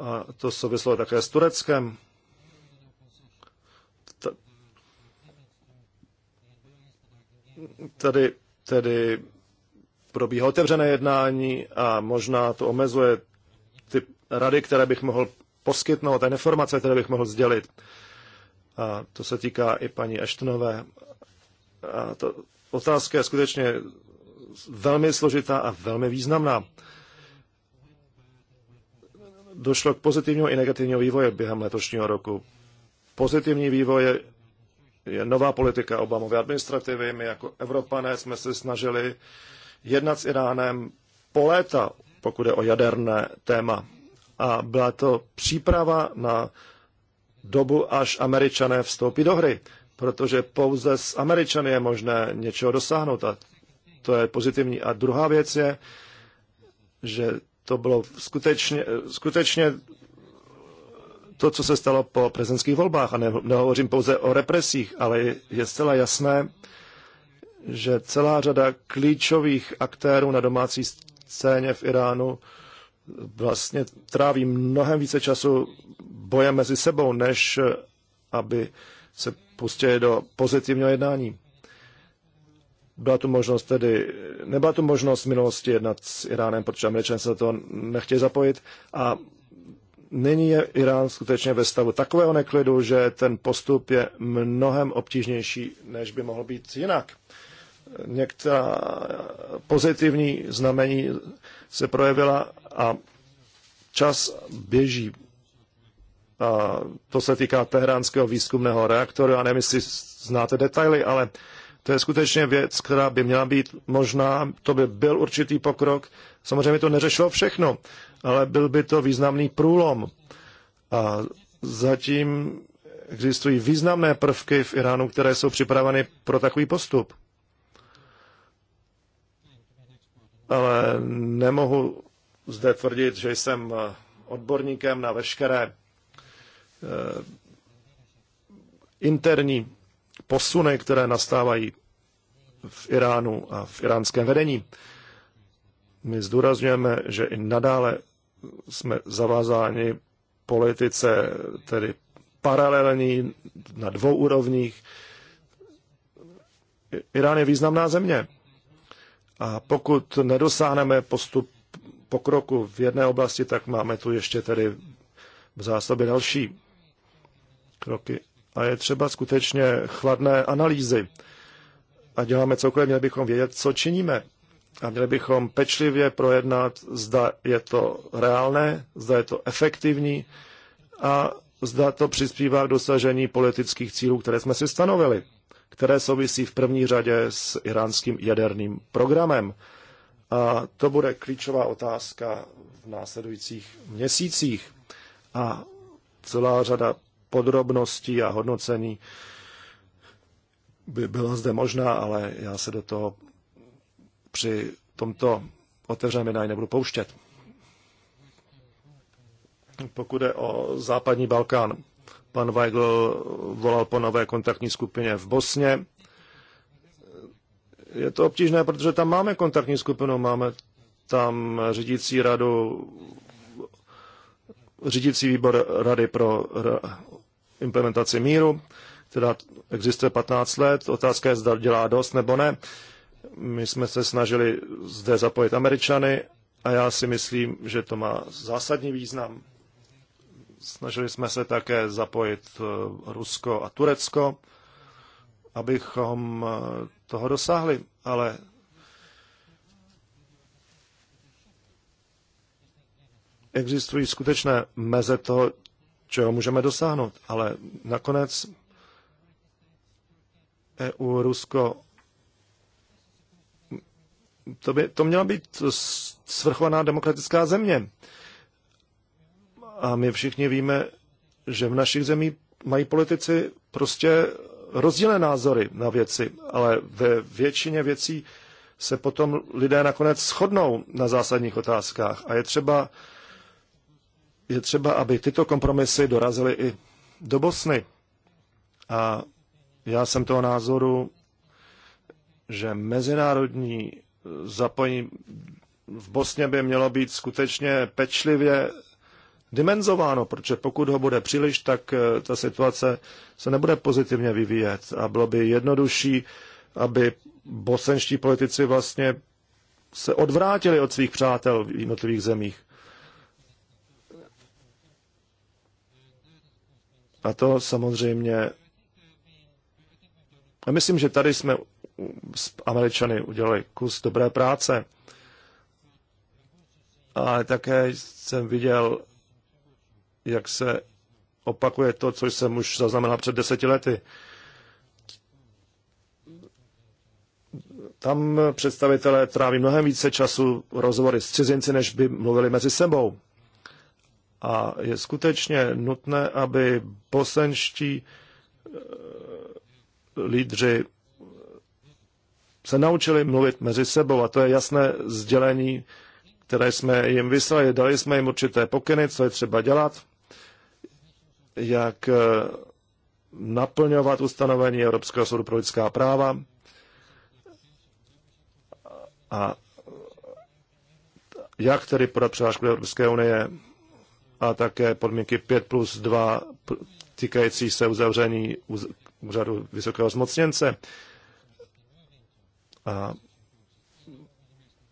Speaker 2: A to souvislo také s Tureckem. Tady, tady probíhá otevřené jednání a možná to omezuje ty rady, které bych mohl poskytnout, a informace, které bych mohl sdělit. A to se týká i paní Ashtonové. A to otázka je skutečně velmi složitá a velmi významná došlo k pozitivnímu i negativnímu vývoji během letošního roku. Pozitivní vývoj je, nová politika obamové administrativy. My jako Evropané jsme se snažili jednat s Iránem po léta, pokud je o jaderné téma. A byla to příprava na dobu, až američané vstoupí do hry, protože pouze s američany je možné něčeho dosáhnout a to je pozitivní. A druhá věc je, že to bylo skutečně, skutečně to, co se stalo po prezidentských volbách. A ne, nehovořím pouze o represích, ale je zcela jasné, že celá řada klíčových aktérů na domácí scéně v Iránu vlastně tráví mnohem více času bojem mezi sebou, než aby se pustili do pozitivního jednání. Byla tu možnost tedy, nebyla tu možnost v minulosti jednat s Iránem, protože Američané se do toho nechtějí zapojit a nyní je Irán skutečně ve stavu takového neklidu, že ten postup je mnohem obtížnější, než by mohl být jinak. Některá pozitivní znamení se projevila a čas běží. A to se týká teheránského výzkumného reaktoru. Já nevím, jestli znáte detaily, ale to je skutečně věc, která by měla být možná, to by byl určitý pokrok. Samozřejmě to neřešilo všechno, ale byl by to významný průlom. A zatím existují významné prvky v Iránu, které jsou připraveny pro takový postup. Ale nemohu zde tvrdit, že jsem odborníkem na veškeré eh, interní posuny, které nastávají v Iránu a v iránském vedení. My zdůrazňujeme, že i nadále jsme zavázáni politice, tedy paralelní na dvou úrovních. Irán je významná země. A pokud nedosáhneme postup pokroku v jedné oblasti, tak máme tu ještě tedy v zásobě další kroky a je třeba skutečně chladné analýzy. A děláme cokoliv, měli bychom vědět, co činíme. A měli bychom pečlivě projednat, zda je to reálné, zda je to efektivní a zda to přispívá k dosažení politických cílů, které jsme si stanovili, které souvisí v první řadě s iránským jaderným programem. A to bude klíčová otázka v následujících měsících. A celá řada podrobností a hodnocení by byla zde možná, ale já se do toho při tomto otevřeném jednání nebudu pouštět. Pokud je o západní Balkán, pan Weigl volal po nové kontaktní skupině v Bosně. Je to obtížné, protože tam máme kontaktní skupinu, máme tam řídící radu, řídící výbor Rady pro implementaci míru, která existuje 15 let. Otázka je, zda dělá dost nebo ne. My jsme se snažili zde zapojit Američany a já si myslím, že to má zásadní význam. Snažili jsme se také zapojit eh, Rusko a Turecko, abychom eh, toho dosáhli, ale existují skutečné meze toho, čeho můžeme dosáhnout. Ale nakonec EU, Rusko, to, by, to měla být svrchovaná demokratická země. A my všichni víme, že v našich zemích mají politici prostě rozdílné názory na věci, ale ve většině věcí se potom lidé nakonec shodnou na zásadních otázkách. A je třeba je třeba, aby tyto kompromisy dorazily i do Bosny. A já jsem toho názoru, že mezinárodní eh, zapojení v Bosně by mělo být skutečně pečlivě dimenzováno, protože pokud ho bude příliš, tak eh, ta situace se nebude pozitivně vyvíjet a bylo by jednodušší, aby bosenští politici vlastně se odvrátili od svých přátel v jednotlivých zemích. A to samozřejmě. A myslím, že tady jsme s Američany udělali kus dobré práce. A také jsem viděl, jak se opakuje to, co jsem už zaznamenal před deseti lety. Tam představitelé tráví mnohem více času rozhovory s cizinci, než by mluvili mezi sebou. A je skutečně nutné, aby bosenští eh, lídři se naučili mluvit mezi sebou a to je jasné sdělení, které jsme jim vyslali. Dali jsme jim určité pokyny, co je třeba dělat, jak eh, naplňovat ustanovení Evropského soudu pro lidská práva a jak tedy podat přihlášku Evropské unie a také podmínky 5 plus 2 týkající se uzavření úřadu vysokého zmocněnce. A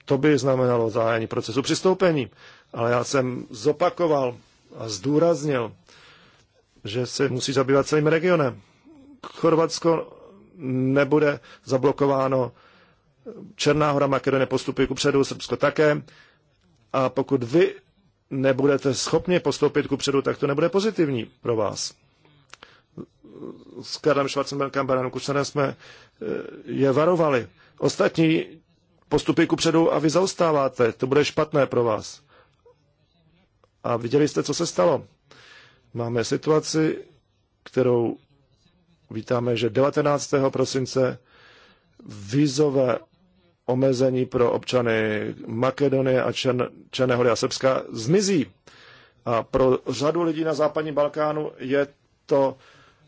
Speaker 2: to by znamenalo zájení procesu přistoupení. Ale já jsem zopakoval a zdůraznil, že se musí zabývat celým regionem. Chorvatsko nebude zablokováno, Černá hora Makedonie postupuje ku předu, Srbsko také. A pokud vy nebudete schopni postoupit ku předu, tak to nebude pozitivní pro vás. S Karlem Schwarzenbergem, Baranem Kušnerem jsme eh, je varovali. Ostatní postupy ku předu a vy zaostáváte. To bude špatné pro vás. A viděli jste, co se stalo. Máme situaci, kterou vítáme, že 19. prosince vízové omezení pro občany Makedonie a Čern, Černé hory a Srbska zmizí. A pro řadu lidí na západní Balkánu je to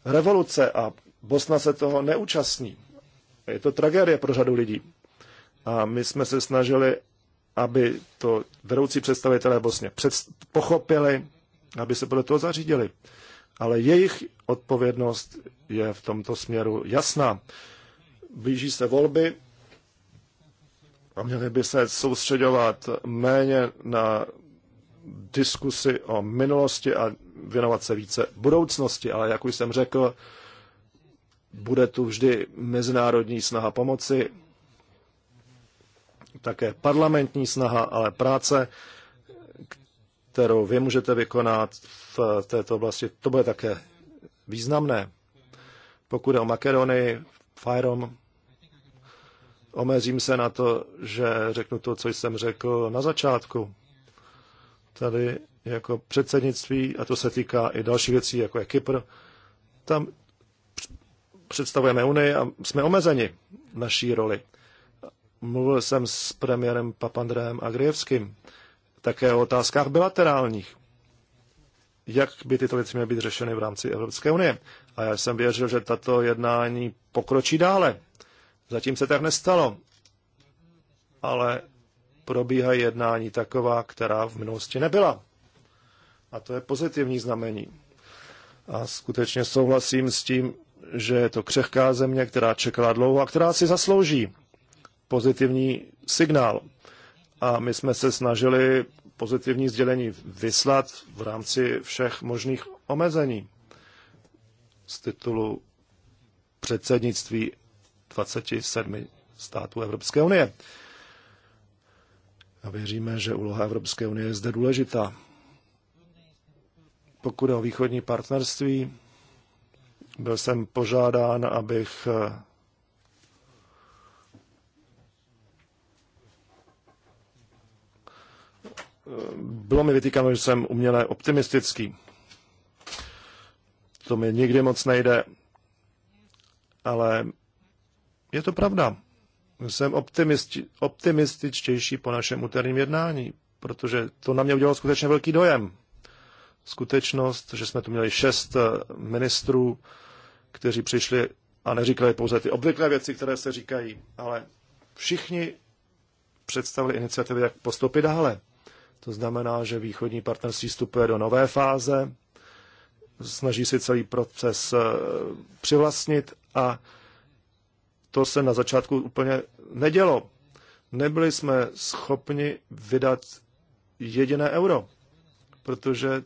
Speaker 2: revoluce a Bosna se toho neúčastní. Je to tragédie pro řadu lidí. A my jsme se snažili, aby to vedoucí představitelé Bosně před, pochopili, aby se podle toho zařídili. Ale jejich odpovědnost je v tomto směru jasná. Blíží se volby a měli by se soustředovat méně na diskusy o minulosti a věnovat se více budoucnosti, ale jak už jsem řekl, bude tu vždy mezinárodní snaha pomoci, také parlamentní snaha, ale práce, kterou vy můžete vykonat v této oblasti, to bude také významné. Pokud je o Makedonii, Fajrom, omezím se na to, že řeknu to, co jsem řekl na začátku. Tady jako předsednictví, a to se týká i dalších věcí, jako je Kypr, tam představujeme Unii a jsme omezeni naší roli. Mluvil jsem s premiérem Papandrem Agrievským také o otázkách bilaterálních. Jak by tyto věci měly být řešeny v rámci Evropské unie? A já jsem věřil, že tato jednání pokročí dále Zatím se tak nestalo, ale probíhají jednání taková, která v minulosti nebyla. A to je pozitivní znamení. A skutečně souhlasím s tím, že je to křehká země, která čekala dlouho a která si zaslouží pozitivní signál. A my jsme se snažili pozitivní sdělení vyslat v rámci všech možných omezení z titulu předsednictví 27 států Evropské unie. A věříme, že úloha Evropské unie je zde důležitá. Pokud o východní partnerství, byl jsem požádán, abych bylo mi vytýkáno, že jsem uměle optimistický. To mi nikdy moc nejde, ale je to pravda. Jsem optimisti, optimističtější po našem úterním jednání, protože to na mě udělalo skutečně velký dojem. Skutečnost, že jsme tu měli šest eh, ministrů, kteří přišli a neříkali pouze ty obvyklé věci, které se říkají, ale všichni představili iniciativy, jak postoupit dále. To znamená, že východní partnerství vstupuje do nové fáze, snaží si celý proces eh, přivlastnit a to se na začátku úplně nedělo. Nebyli jsme schopni vydat jediné euro, protože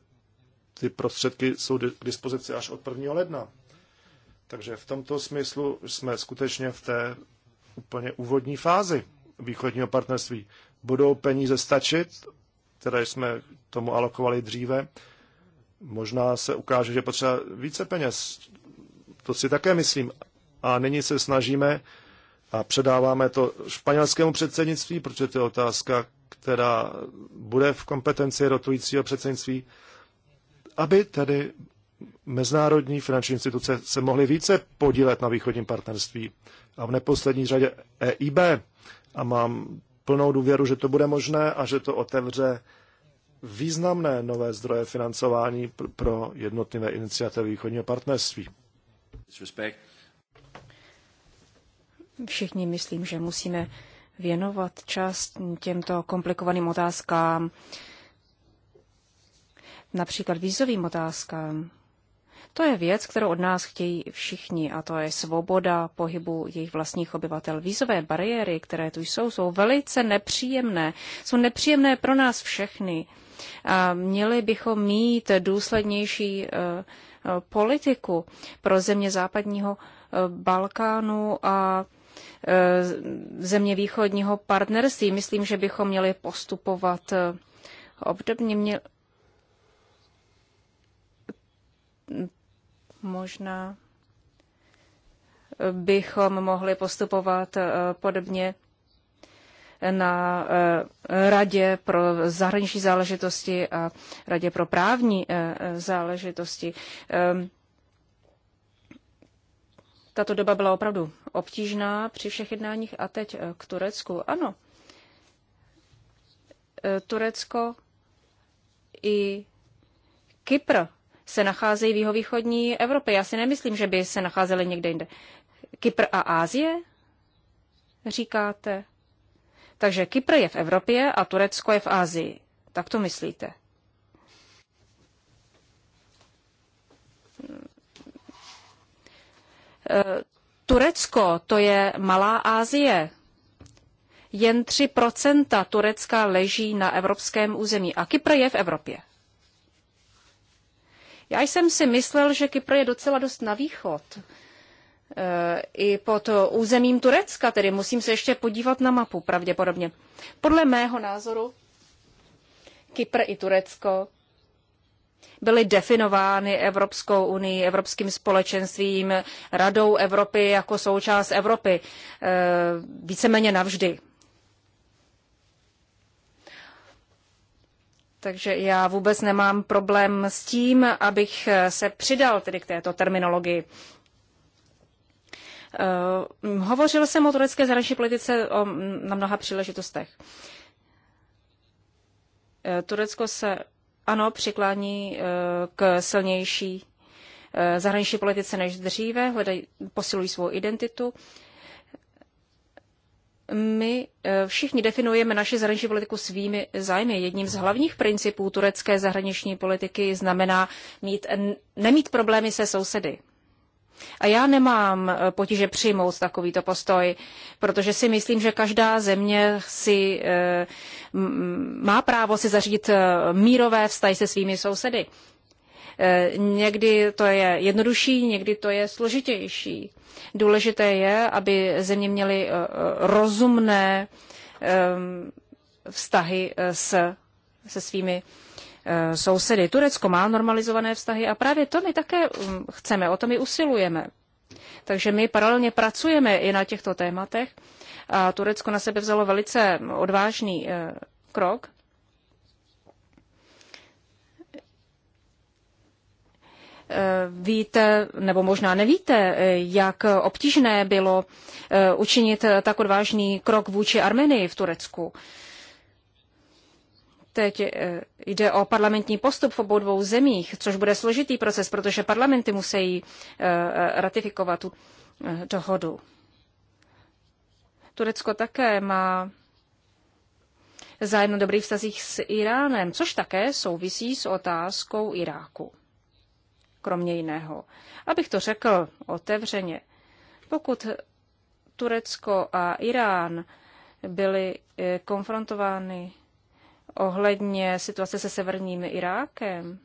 Speaker 2: ty prostředky jsou k dispozici až od 1. ledna. Takže v tomto smyslu jsme skutečně v té úplně úvodní fázi východního partnerství. Budou peníze stačit, které jsme tomu alokovali dříve. Možná se ukáže, že potřeba více peněz. To si také myslím, a nyní se snažíme a předáváme to španělskému předsednictví, protože to je otázka, která bude v kompetenci rotujícího předsednictví, aby tedy mezinárodní finanční instituce se mohly více podílet na východním partnerství a v neposlední řadě EIB. A mám plnou důvěru, že to bude možné a že to otevře významné nové zdroje financování pro jednotlivé iniciativy východního partnerství.
Speaker 1: Respect. Všichni myslím, že musíme věnovat čas těmto komplikovaným otázkám, například vízovým otázkám. To je věc, kterou od nás chtějí všichni, a to je svoboda pohybu jejich vlastních obyvatel. Vízové bariéry, které tu jsou, jsou velice nepříjemné. Jsou nepříjemné pro nás všechny. A měli bychom mít důslednější eh, eh, politiku pro země západního eh, Balkánu a Eh, země východního partnerství. Myslím, že bychom měli postupovat eh, obdobně. Mě... Možná bychom mohli postupovat eh, podobně na Radě pro zahraniční záležitosti a Radě pro právní záležitosti. Ehm, tato doba byla opravdu obtížná při všech jednáních a teď eh, k Turecku. Ano, eh, Turecko i Kypr se nacházejí v jihovýchodní Evropě. Já si nemyslím, že by se nacházeli někde jinde. Kypr a Ázie, říkáte? Takže Kypr je v Evropě a Turecko je v Ázii. Tak to myslíte? Eh, Turecko, to je Malá Asie. Jen 3% Turecka leží na evropském území a Kypr je v Evropě. Já jsem si myslel, že Kypr je docela dost na východ. E, I pod územím Turecka, tedy musím se ještě podívat na mapu pravděpodobně. Podle mého názoru Kypr i Turecko byly definovány Evropskou unii, Evropským společenstvím, Radou Evropy jako součást Evropy eh, víceméně navždy. Takže já vůbec nemám problém s tím, abych se přidal tedy k této terminologii. Uh, hovořil jsem o turecké zahraniční politice o, na mnoha příležitostech. Eh, Turecko se ano, přiklání eh, k silnější eh, zahraniční politice než dříve, hledají, posilují svou identitu. My eh, všichni definujeme naši zahraniční politiku svými zájmy. Jedním z hlavních principů turecké zahraniční politiky znamená mít, nemít problémy se sousedy. A já nemám eh, potíže přijmout takovýto postoj, protože si myslím, že každá země si eh, má právo si zařídit eh, mírové vztahy se svými sousedy. Někdy to je jednodušší, někdy to je složitější. Důležité je, aby země měly rozumné vztahy se se svými Eh, sousedy. Turecko má normalizované vztahy a právě to my také mm, chceme, o to my usilujeme. Takže my paralelně pracujeme i na těchto tématech a Turecko na sebe vzalo velice odvážný eh, krok. Eh, víte, nebo možná nevíte, jak obtížné bylo učinit tak odvážný krok vůči Armenii v Turecku. Teď eh, jde o parlamentní postup v obou dvou zemích, což bude složitý proces, protože parlamenty musí eh, eh, ratifikovat tu dohodu. Turecko také má zájem na dobrých vztazích s Iránem, což také souvisí s otázkou Iráku. Kromě jiného. Abych to řekl otevřeně, pokud Turecko a Irán byly konfrontovány ohledně situace se severním Irákem.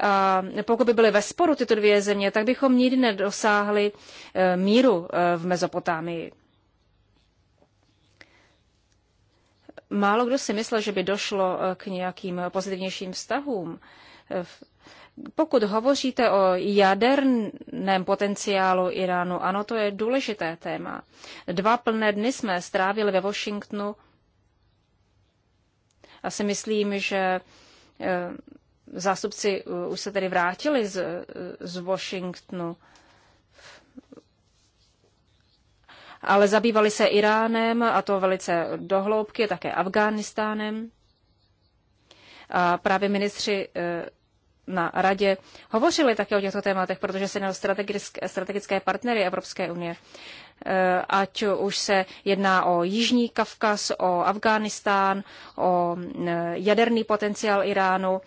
Speaker 1: A pokud by byly ve sporu tyto dvě země, tak bychom nikdy nedosáhli e, míru e, v Mezopotámii. Málo kdo si myslel, že by došlo e, k nějakým pozitivnějším vztahům. Pokud hovoříte o jaderném potenciálu Iránu, ano, to je důležité téma. Dva plné dny jsme strávili ve Washingtonu já si myslím, že eh, zástupci eh, už se tedy vrátili z, eh, z Washingtonu, ale zabývali se Iránem a to velice dohloubky, také Afghánistánem. A právě ministři na radě hovořili také o těchto tématech, protože se na strategické, strategické partnery Evropské unie. Eh, ať už se jedná o Jižní Kavkaz, o Afghánistán, o mm, jaderný potenciál Iránu.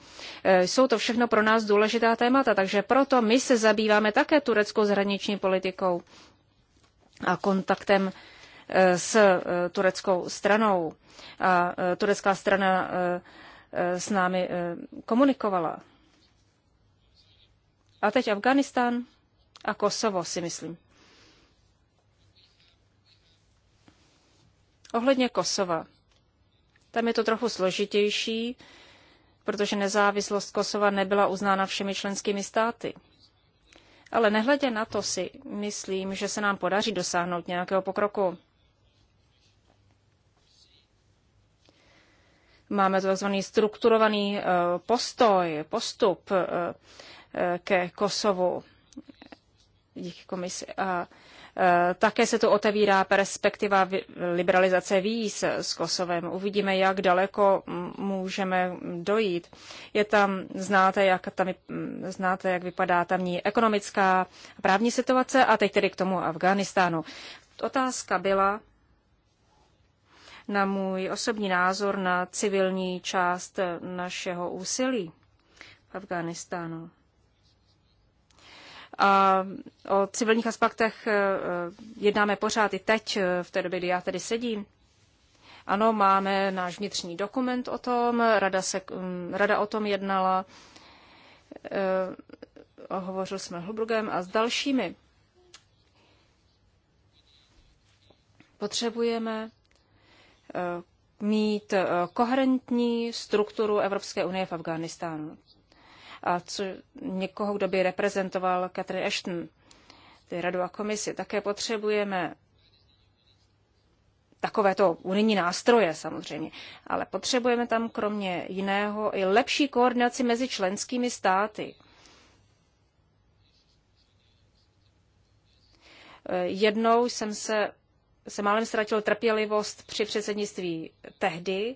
Speaker 1: Eh, jsou to všechno pro nás důležitá témata, takže proto my se zabýváme také tureckou zahraniční politikou a kontaktem eh, s tureckou stranou. A turecká strana s námi komunikovala. A teď Afganistán a Kosovo, si myslím. Ohledně Kosova. Tam je to trochu složitější, protože nezávislost Kosova nebyla uznána všemi členskými státy. Ale nehledě na to si myslím, že se nám podaří dosáhnout nějakého pokroku. Máme tzv. strukturovaný eh, postoj, postup eh, eh, ke Kosovu díky komisi. A Eh, také se tu otevírá perspektiva liberalizace víz s Kosovem. Uvidíme, jak daleko můžeme dojít. Je tam, znáte, jak, tam, znáte, jak vypadá tamní ekonomická a právní situace a teď tedy k tomu Afganistánu. Otázka byla na můj osobní názor na civilní část našeho úsilí v Afganistánu. A o civilních aspektech eh, eh, jednáme pořád i teď, eh, v té době, kdy já tady sedím. Ano, máme náš vnitřní dokument o tom, rada, se, mm, rada o tom jednala, hovořil jsme Hlubrugem a s dalšími. Potřebujeme mít koherentní strukturu Evropské unie v Afghánistánu a co někoho, kdo by reprezentoval Catherine Ashton, tedy radu a komisi. Také potřebujeme takovéto unijní nástroje samozřejmě, ale potřebujeme tam kromě jiného i lepší koordinaci mezi členskými státy. Jednou jsem se, se málem ztratil trpělivost při předsednictví tehdy,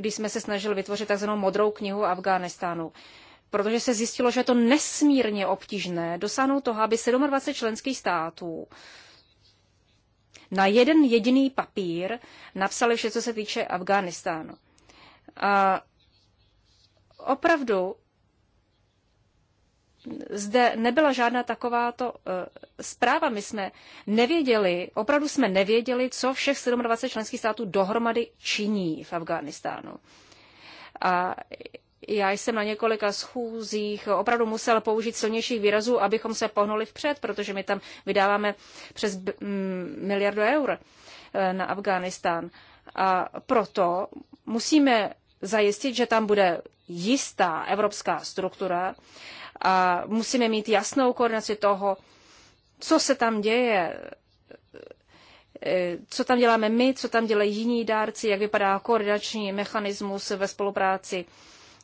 Speaker 1: když jsme se snažili vytvořit tzv. modrou knihu Afghánistánu. Protože se zjistilo, že je to nesmírně obtížné dosáhnout toho, aby 27 členských států na jeden jediný papír napsali vše, co se týče Afghánistánu. A opravdu zde nebyla žádná takováto eh, zpráva. My jsme nevěděli, opravdu jsme nevěděli, co všech 27 členských států dohromady činí v Afghánistánu. A já jsem na několika schůzích opravdu musel použít silnějších výrazů, abychom se pohnuli vpřed, protože my tam vydáváme přes mm, miliardu eur eh, na Afghánistán. A proto musíme zajistit, že tam bude jistá evropská struktura a musíme mít jasnou koordinaci toho, co se tam děje, eh, co tam děláme my, co tam dělají jiní dárci, jak vypadá koordinační mechanismus ve spolupráci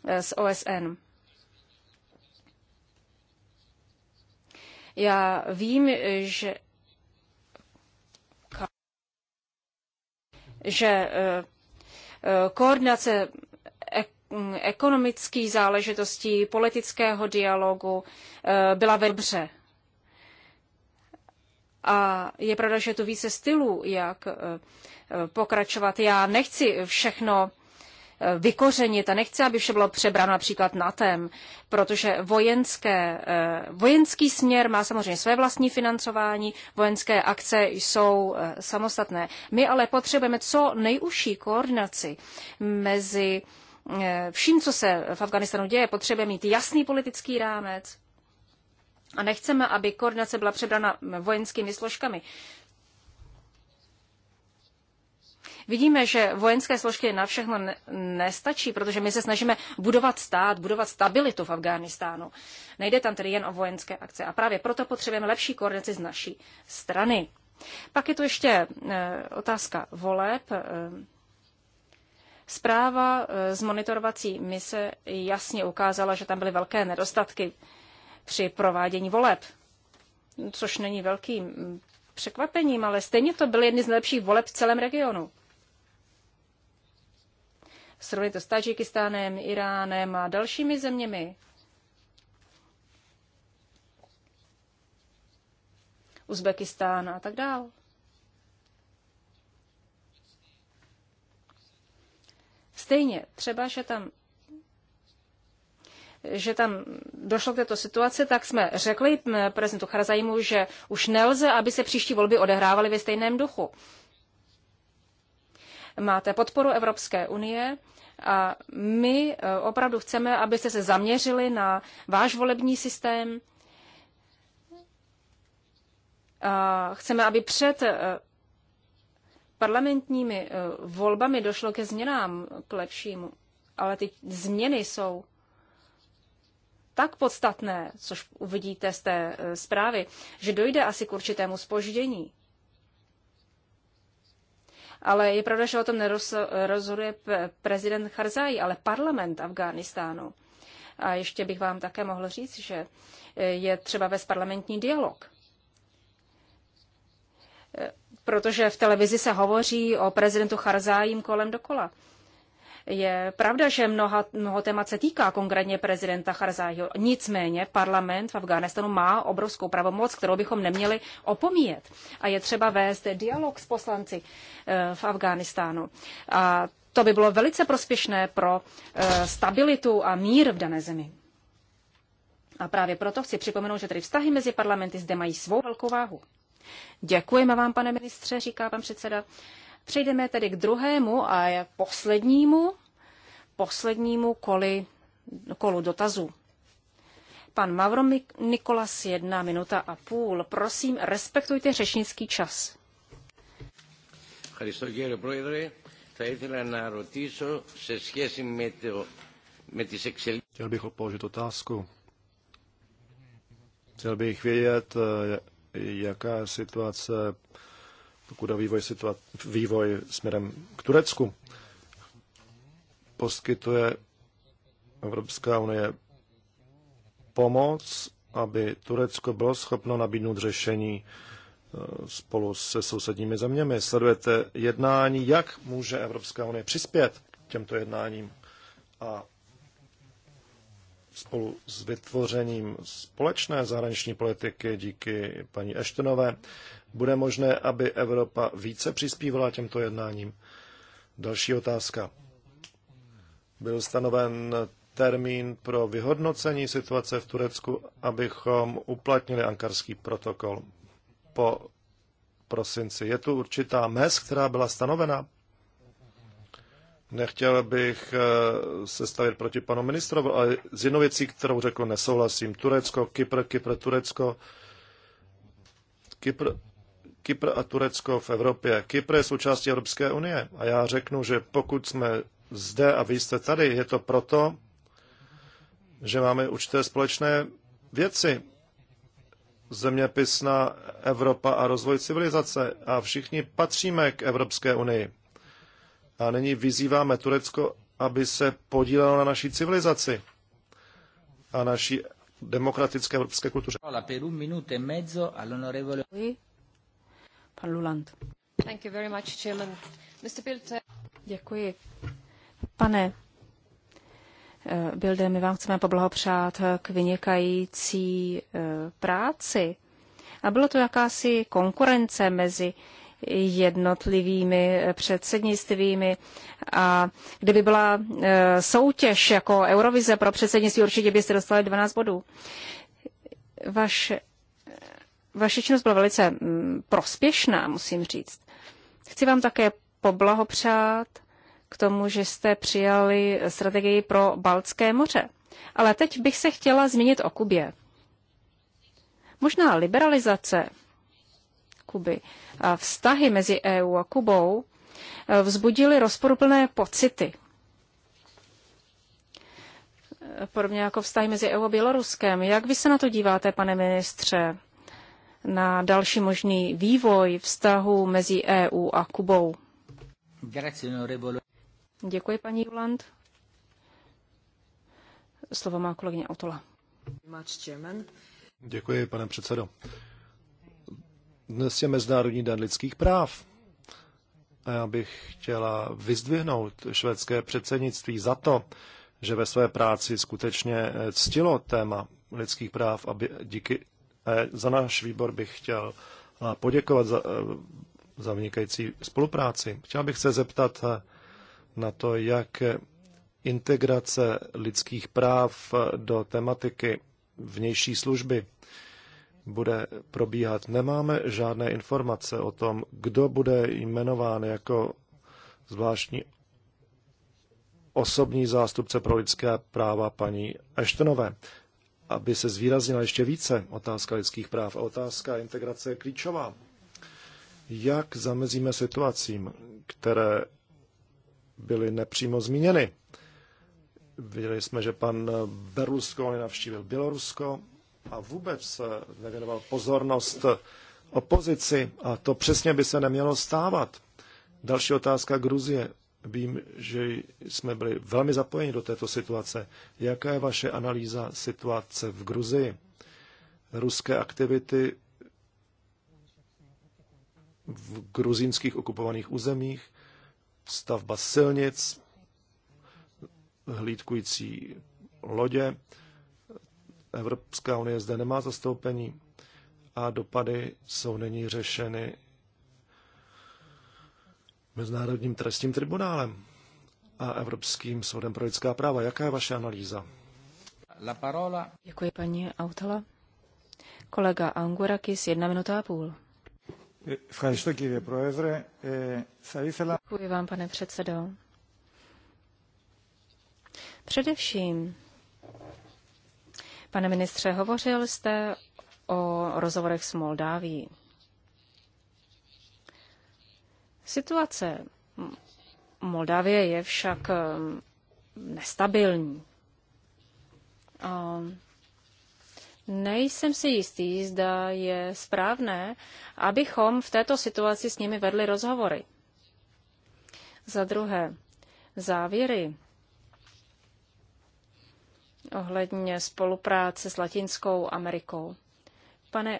Speaker 1: eh, s OSN. Já vím, že že eh, koordinace ekonomických záležitostí, politického dialogu eh, byla ve dobře. A je pravda, že je tu více stylů, jak eh, pokračovat. Já nechci všechno vykořenit a nechce, aby vše bylo přebráno například NATEM, protože vojenské, eh, vojenský směr má samozřejmě své vlastní financování, vojenské akce jsou eh, samostatné. My ale potřebujeme co nejužší koordinaci mezi eh, vším, co se v Afganistanu děje, potřebujeme mít jasný politický rámec, a nechceme, aby koordinace byla přebrana vojenskými složkami. Vidíme, že vojenské složky na všechno ne- nestačí, protože my se snažíme budovat stát, budovat stabilitu v Afghánistánu. Nejde tam tedy jen o vojenské akce a právě proto potřebujeme lepší koordinaci z naší strany. Pak je tu ještě eh, otázka voleb. Eh, zpráva eh, z monitorovací mise jasně ukázala, že tam byly velké nedostatky při provádění voleb, což není velkým mm, překvapením, ale stejně to byly jedny z nejlepších voleb v celém regionu. Srovnali to s Tadžikistánem, Iránem a dalšími zeměmi. Uzbekistán a tak dál. Stejně, třeba, že tam že tam došlo k této situaci, tak jsme řekli prezidentu Charazajmu, že už nelze, aby se příští volby odehrávaly ve stejném duchu máte podporu Evropské unie a my e, opravdu chceme, abyste se zaměřili na váš volební systém. A chceme, aby před e, parlamentními e, volbami došlo ke změnám, k lepšímu. Ale ty změny jsou tak podstatné, což uvidíte z té zprávy, že dojde asi k určitému spoždění. Ale je pravda, že o tom nerozhoduje prezident Harzai, ale parlament Afghánistánu. A ještě bych vám také mohl říct, že e, je třeba vést parlamentní dialog. E, protože v televizi se hovoří o prezidentu Charzájím kolem dokola. Je pravda, že mnoha, mnoho témat se týká konkrétně prezidenta Charzáho. Nicméně parlament v Afghánistánu má obrovskou pravomoc, kterou bychom neměli opomíjet. A je třeba vést dialog s poslanci eh, v Afghánistánu. A to by bylo velice prospěšné pro eh, stabilitu a mír v dané zemi. A právě proto chci připomenout, že tedy vztahy mezi parlamenty zde mají svou velkou váhu. Děkujeme vám, pane ministře, říká pan předseda. Přejdeme tedy k druhému a poslednímu, poslednímu koli, kolu dotazů. Pan Mavro Nikolas, jedna minuta a půl. Prosím, respektujte řečnický čas.
Speaker 2: Chtěl bych položit otázku. Chtěl bych vědět, eh, jaká je situace pokud o vývoj, vývoj směrem k Turecku, poskytuje Evropská unie pomoc, aby Turecko bylo schopno nabídnout řešení e, spolu se sousedními zeměmi. Sledujete jednání, jak může Evropská unie přispět k těmto jednáním a spolu s vytvořením společné zahraniční politiky díky paní Eštonové bude možné, aby Evropa více přispívala těmto jednáním. Další otázka. Byl stanoven termín pro vyhodnocení situace v Turecku, abychom uplatnili ankarský protokol po prosinci. Je tu určitá mez, která byla stanovena? Nechtěl bych eh, se stavit proti panu ministrovi, ale z jednou věcí, kterou řekl, nesouhlasím. Turecko, Kypr, Kypr, Turecko. Kypr, Kypr a Turecko v Evropě. Kypr je součástí Evropské unie a já řeknu, že pokud jsme zde a vy jste tady, je to proto, že máme určité společné věci. Zeměpisná Evropa a rozvoj civilizace a všichni patříme k Evropské unii. A nyní vyzýváme Turecko, aby se podílelo na naší civilizaci a naší demokratické evropské kultuře. E
Speaker 1: Thank you very much, Děkuji. Pane eh, Bilde, my vám chceme poblahopřát eh, k vynikající eh, práci. A bylo to jakási konkurence mezi jednotlivými předsednictvími. A kdyby byla e, soutěž jako Eurovize pro předsednictví, určitě byste dostali 12 bodů. Vaše, vaše činnost byla velice prospěšná, musím říct. Chci vám také poblahopřát k tomu, že jste přijali strategii pro Baltské moře. Ale teď bych se chtěla zmínit o Kubě. Možná liberalizace Kuby. A vztahy mezi EU a Kubou e, vzbudily rozporuplné pocity. E, podobně jako vztahy mezi EU a Běloruskem. Jak vy se na to díváte, pane ministře, na další možný vývoj vztahu mezi EU a Kubou? Děkuji, paní Juland. Slovo má kolegyně Otola.
Speaker 2: Děkuji, pane předsedo. Dnes je Mezinárodní den lidských práv. A já bych chtěla vyzdvihnout švédské předsednictví za to, že ve své práci skutečně eh, ctilo téma lidských práv a díky a eh, za náš výbor bych chtěl eh, poděkovat za, za vynikající spolupráci. Chtěl bych se zeptat na to, jak integrace lidských práv do tematiky vnější služby bude probíhat. Nemáme žádné informace o tom, kdo bude jmenován jako zvláštní osobní zástupce pro lidská práva paní Eštenové. Aby se zvýraznila ještě více otázka lidských práv a otázka integrace je klíčová. Jak zamezíme situacím, které byly nepřímo zmíněny? Viděli jsme, že pan Berlusconi navštívil Bělorusko, a vůbec nevěnoval pozornost opozici a to přesně by se nemělo stávat. Další otázka Gruzie. Vím, že jsme byli velmi zapojeni do této situace. Jaká je vaše analýza situace v Gruzii? Ruské aktivity v gruzínských okupovaných územích, stavba silnic, hlídkující lodě, Evropská unie zde nemá zastoupení a dopady jsou není řešeny Mezinárodním trestním tribunálem a Evropským soudem pro lidská práva. Jaká je vaše analýza?
Speaker 3: La
Speaker 1: parola. Děkuji paní Autala. Kolega Angurakis, jedna minuta a půl. Děkuji vám, pane předsedo. Především Pane ministře, hovořil jste o rozhovorech s Moldáví. Situace Moldávie je však um, nestabilní. A nejsem si jistý, zda je správné, abychom v této situaci s nimi vedli rozhovory. Za druhé, závěry ohledně spolupráce s Latinskou Amerikou. Pane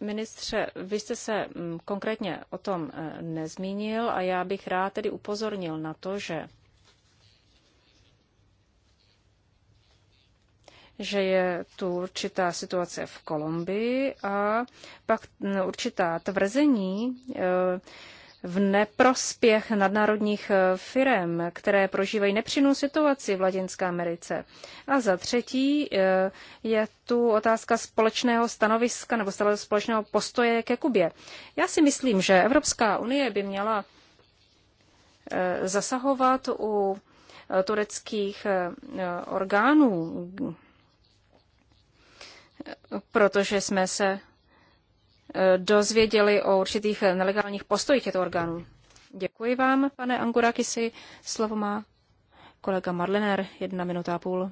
Speaker 1: ministře, vy jste se konkrétně o tom e, nezmínil a já bych rád tedy upozornil na to, že že je tu určitá situace v Kolumbii a pak určitá tvrzení, e, v neprospěch nadnárodních eh, firm, které prožívají nepřinou situaci v Latinské Americe. A za třetí eh, je tu otázka společného stanoviska nebo společného postoje ke Kubě. Já si myslím, že Evropská unie by měla eh, zasahovat u tureckých orgánů, protože jsme se dozvěděli o určitých nelegálních postojích těchto orgánů. Děkuji vám, pane Angurakisi. Slovo má kolega Marliner, jedna minuta a půl.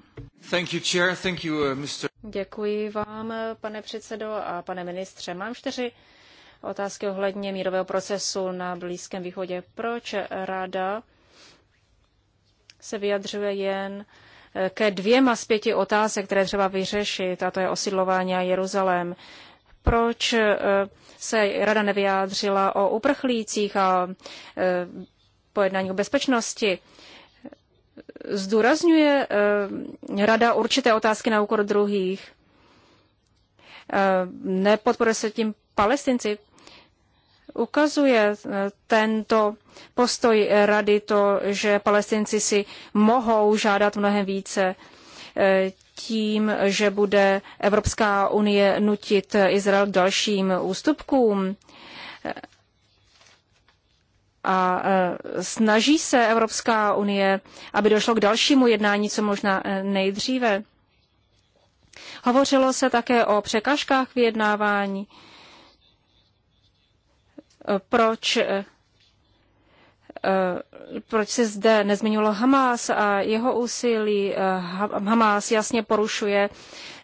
Speaker 3: Thank you, chair. Thank you, uh, Mr.
Speaker 1: Děkuji vám, pane předsedo a pane ministře. Mám čtyři otázky ohledně mírového procesu na Blízkém východě. Proč rada se vyjadřuje jen eh, ke dvěma z pěti otázek, které třeba vyřešit, a to je osidlování a Jeruzalém proč eh, se rada nevyjádřila o uprchlících a eh, pojednání o bezpečnosti. Zdůrazňuje eh, rada určité otázky na úkor druhých. Nepodporuje se tím palestinci. Ukazuje tento postoj rady to, že palestinci si mohou žádat mnohem více tím, že bude Evropská unie nutit Izrael k dalším ústupkům. A e, snaží se Evropská unie, aby došlo k dalšímu jednání, co možná e, nejdříve. Hovořilo se také o překážkách vyjednávání. Proč e, Eh, proč se zde nezmiňovalo Hamas a jeho úsilí. Eh, Hamas jasně porušuje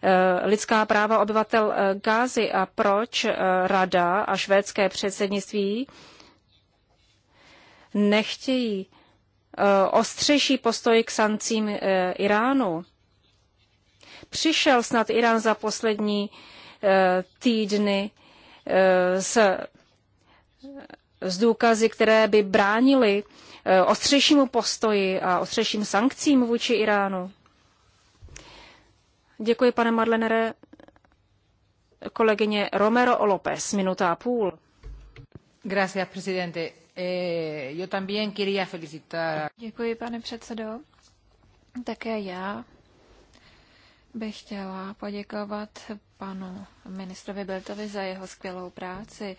Speaker 1: eh, lidská práva obyvatel Gázy a proč Rada a švédské předsednictví nechtějí ostřejší postoj k sankcím Iránu. Přišel snad Irán za poslední týdny s s důkazy, které by bránily eh, ostřejšímu postoji a ostřejším sankcím vůči Iránu. Děkuji, pane Madlenere. Kolegyně Romero López, minuta a
Speaker 3: půl. Gracias, presidente. Eh, yo también quería felicitar... Děkuji, pane předsedo. Také já bych chtěla poděkovat panu ministrovi Beltovi za jeho skvělou práci.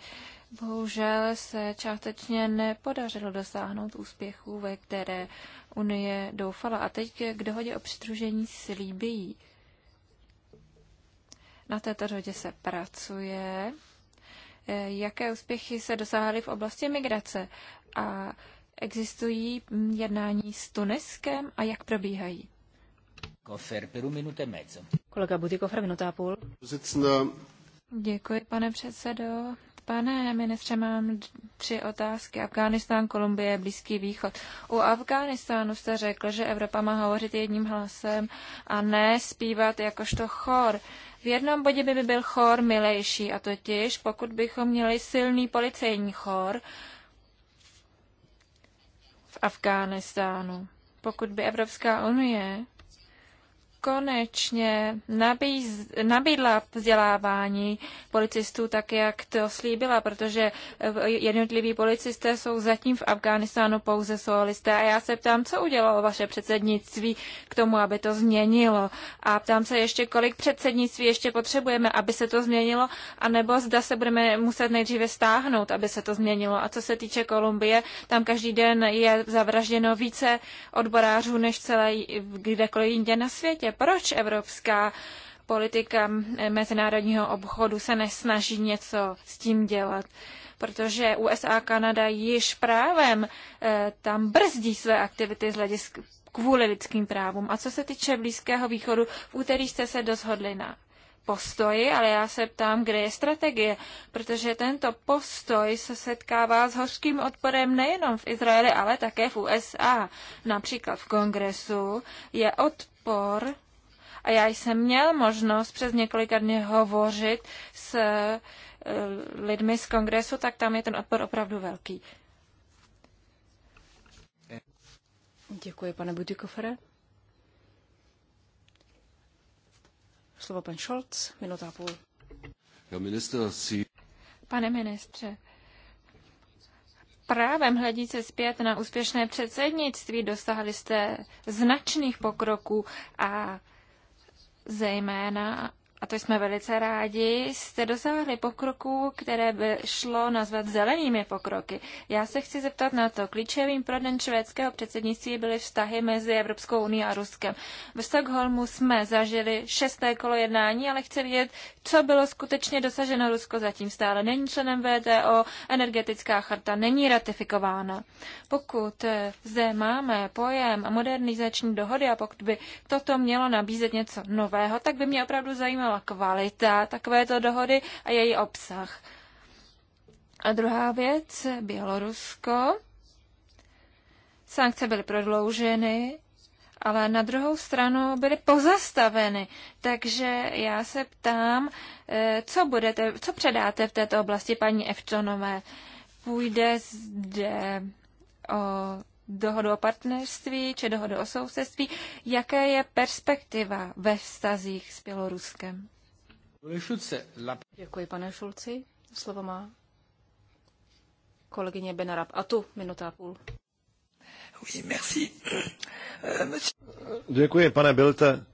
Speaker 3: Bohužel se částečně nepodařilo dosáhnout úspěchů, ve které Unie doufala. A teď k dohodě o přidružení s Líbií. Na této dohodě se pracuje. Eh, jaké úspěchy se dosáhly v oblasti migrace? A existují jednání s Tuniskem a jak probíhají? Kofer, per un e mezzo. Kolega Butikofer, minuta a půl. Děkuji, pane předsedo. Pane ministře, mám tři otázky. Afghánistán, Kolumbie, Blízký východ. U Afghánistánu jste řekl, že Evropa má hovořit jedním hlasem a ne zpívat jakožto chor. V jednom bodě by byl chor milejší, a totiž pokud bychom měli silný policejní chor v Afghánistánu. Pokud by Evropská unie konečně nabíz, nabídla vzdělávání policistů tak, jak to slíbila, protože jednotliví policisté jsou zatím v Afghánistánu pouze solisté a já se ptám, co udělalo vaše předsednictví k tomu, aby to změnilo a ptám se ještě, kolik předsednictví ještě potřebujeme, aby se to změnilo, anebo zda se budeme muset nejdříve stáhnout, aby se to změnilo. A co se týče Kolumbie, tam každý den je zavražděno více odborářů než celé kdekoliv jinde na světě proč evropská politika mezinárodního obchodu se nesnaží něco s tím dělat. Protože USA a Kanada již právem eh, tam brzdí své aktivity z hledisk kvůli lidským právům. A co se týče Blízkého východu, v úterý jste se dozhodli na postoji, ale já se ptám, kde je strategie, protože tento postoj se setkává s hořkým odporem nejenom v Izraeli, ale také v USA. Například v kongresu je odpor a já jsem měl možnost přes několika dny hovořit s eh, lidmi z kongresu, tak tam je ten odpor opravdu velký. Děkuji, pane Budikofere. Slovo pan Scholz, minuta a půl. Pane ministře, právem se zpět na úspěšné předsednictví dosáhli jste značných pokroků a zejména a to jsme velice rádi, jste dosáhli pokroků, které by šlo nazvat zelenými pokroky. Já se chci zeptat na to. Klíčovým pro den švédského předsednictví byly vztahy mezi Evropskou unii a Ruskem. V Stockholmu jsme zažili šesté kolo jednání, ale chci vědět, co bylo skutečně dosaženo. Rusko zatím stále není členem VTO, energetická charta není ratifikována. Pokud zde máme pojem modernizační dohody a pokud by toto mělo nabízet něco nového, tak by mě opravdu zajímalo, změnila kvalita takovéto dohody a její obsah. A druhá věc, Bělorusko. Sankce byly prodlouženy, ale na druhou stranu byly pozastaveny. Takže já se ptám, eh, co, budete, co předáte v této oblasti paní Evčonové? Půjde zde o dohodu o partnerství či dohodu o sousedství, jaké je perspektiva ve vztazích s Běloruskem? Děkuji, pane Šulci. Slovo má
Speaker 1: kolegyně Benarab. A tu minuta a půl.
Speaker 3: Euh,
Speaker 2: Děkuji, pane Bilte.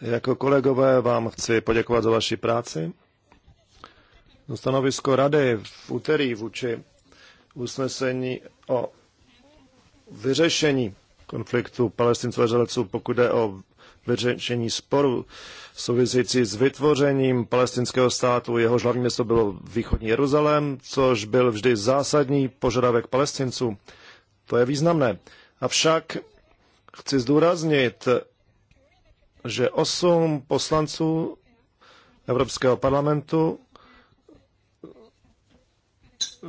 Speaker 2: Jako kolegové vám chci poděkovat za vaši práci. Stanovisko rady v úterý vůči usnesení o vyřešení konfliktu palestinců a Izraelců, pokud jde o vyřešení sporu související s vytvořením palestinského státu. Jeho hlavní město bylo východní Jeruzalém, což byl vždy zásadní požadavek palestinců. To je významné. Avšak chci zdůraznit, že osm poslanců Evropského parlamentu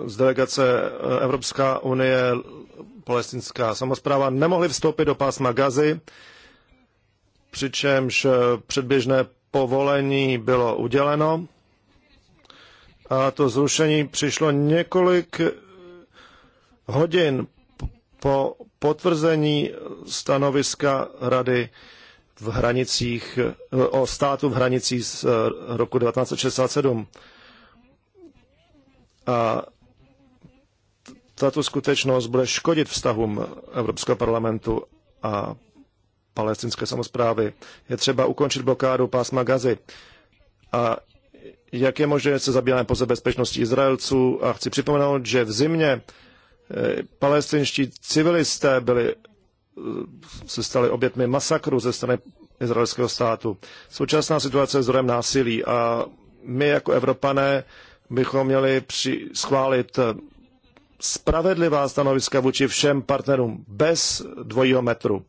Speaker 2: z delegace eh, Evropská unie, palestinská samozpráva, nemohli vstoupit do pásma Gazy, přičemž eh, předběžné povolení bylo uděleno. A to zrušení přišlo několik eh, hodin po potvrzení stanoviska rady v hranicích, o státu v hranicích z roku 1967. A tato skutečnost bude škodit vztahům Evropského parlamentu a palestinské samozprávy. Je třeba ukončit blokádu pásma Gazy. A jak je možné, že se zabýváme pouze bezpečností Izraelců? A chci připomenout, že v zimě eh, palestinští civilisté byli, eh, se stali obětmi masakru ze strany izraelského státu. Současná situace je zdrojem násilí a my jako Evropané bychom měli při, schválit eh, spravedlivá stanoviska vůči všem partnerům bez dvojího metru.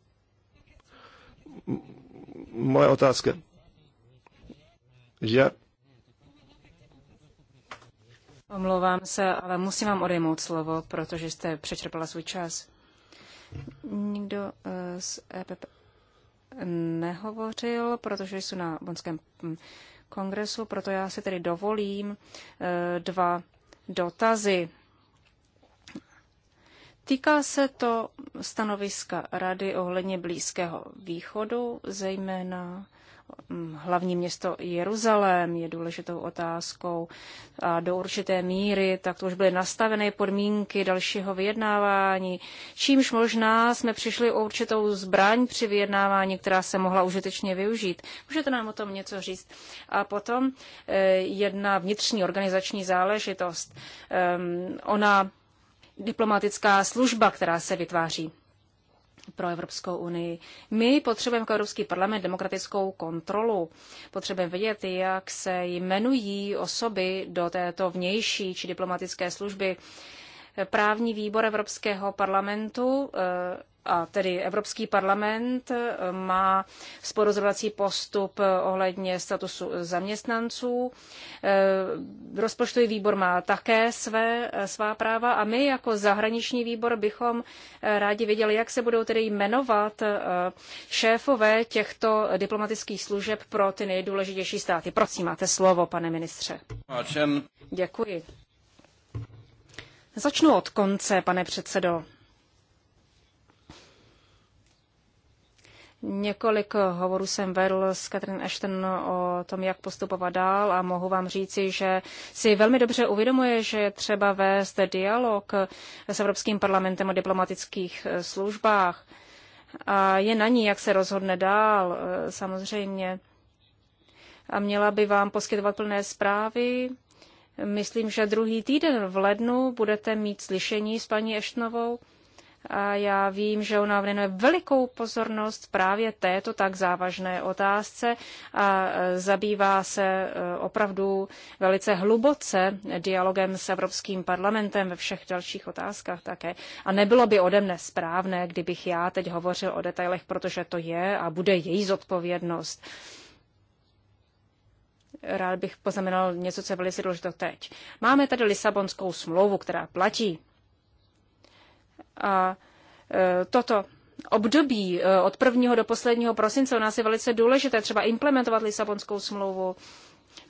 Speaker 2: Moje otázka je...
Speaker 1: Omlouvám se, ale musím vám odejmout slovo, protože jste přečerpala svůj čas. Nikdo eh, z EPP nehovořil, protože jsou na Bonském hm, kongresu, proto já si tedy dovolím eh, dva dotazy Týká se to stanoviska rady ohledně Blízkého východu, zejména mm, hlavní město Jeruzalém je důležitou otázkou. A do určité míry tak to už byly nastavené podmínky dalšího vyjednávání, čímž možná jsme přišli o určitou zbraň při vyjednávání, která se mohla užitečně využít. Můžete nám o tom něco říct? A potom eh, jedna vnitřní organizační záležitost. Ehm, ona diplomatická služba, která se vytváří pro Evropskou unii. My potřebujeme jako Evropský parlament demokratickou kontrolu. Potřebujeme vědět, jak se jmenují osoby do této vnější či diplomatické služby. Právní výbor Evropského parlamentu eh, a tedy Evropský parlament eh, má sporozhodovací postup eh, ohledně statusu zaměstnanců. Eh, rozpočtový výbor má také své, svá práva a my jako zahraniční výbor bychom rádi věděli, jak se budou tedy jmenovat šéfové těchto diplomatických služeb pro ty nejdůležitější státy. Prosím, máte slovo, pane ministře. Děkuji. Začnu od konce, pane předsedo. Několik hovorů jsem vedl s Catherine Ashton o tom, jak postupovat dál a mohu vám říci, že si velmi dobře uvědomuje, že je třeba vést dialog s Evropským parlamentem o diplomatických službách. A je na ní, jak se rozhodne dál, samozřejmě. A měla by vám poskytovat plné zprávy. Myslím, že druhý týden v lednu budete mít slyšení s paní Eštnovou a já vím, že ona věnuje velikou pozornost právě této tak závažné otázce a e, zabývá se e, opravdu velice hluboce dialogem s Evropským parlamentem ve všech dalších otázkách také. A nebylo by ode mne správné, kdybych já teď hovořil o detailech, protože to je a bude její zodpovědnost rád bych poznamenal něco, co je velice důležité teď. Máme tady Lisabonskou smlouvu, která platí. A e, toto období e, od prvního do posledního prosince u nás je velice důležité třeba implementovat Lisabonskou smlouvu.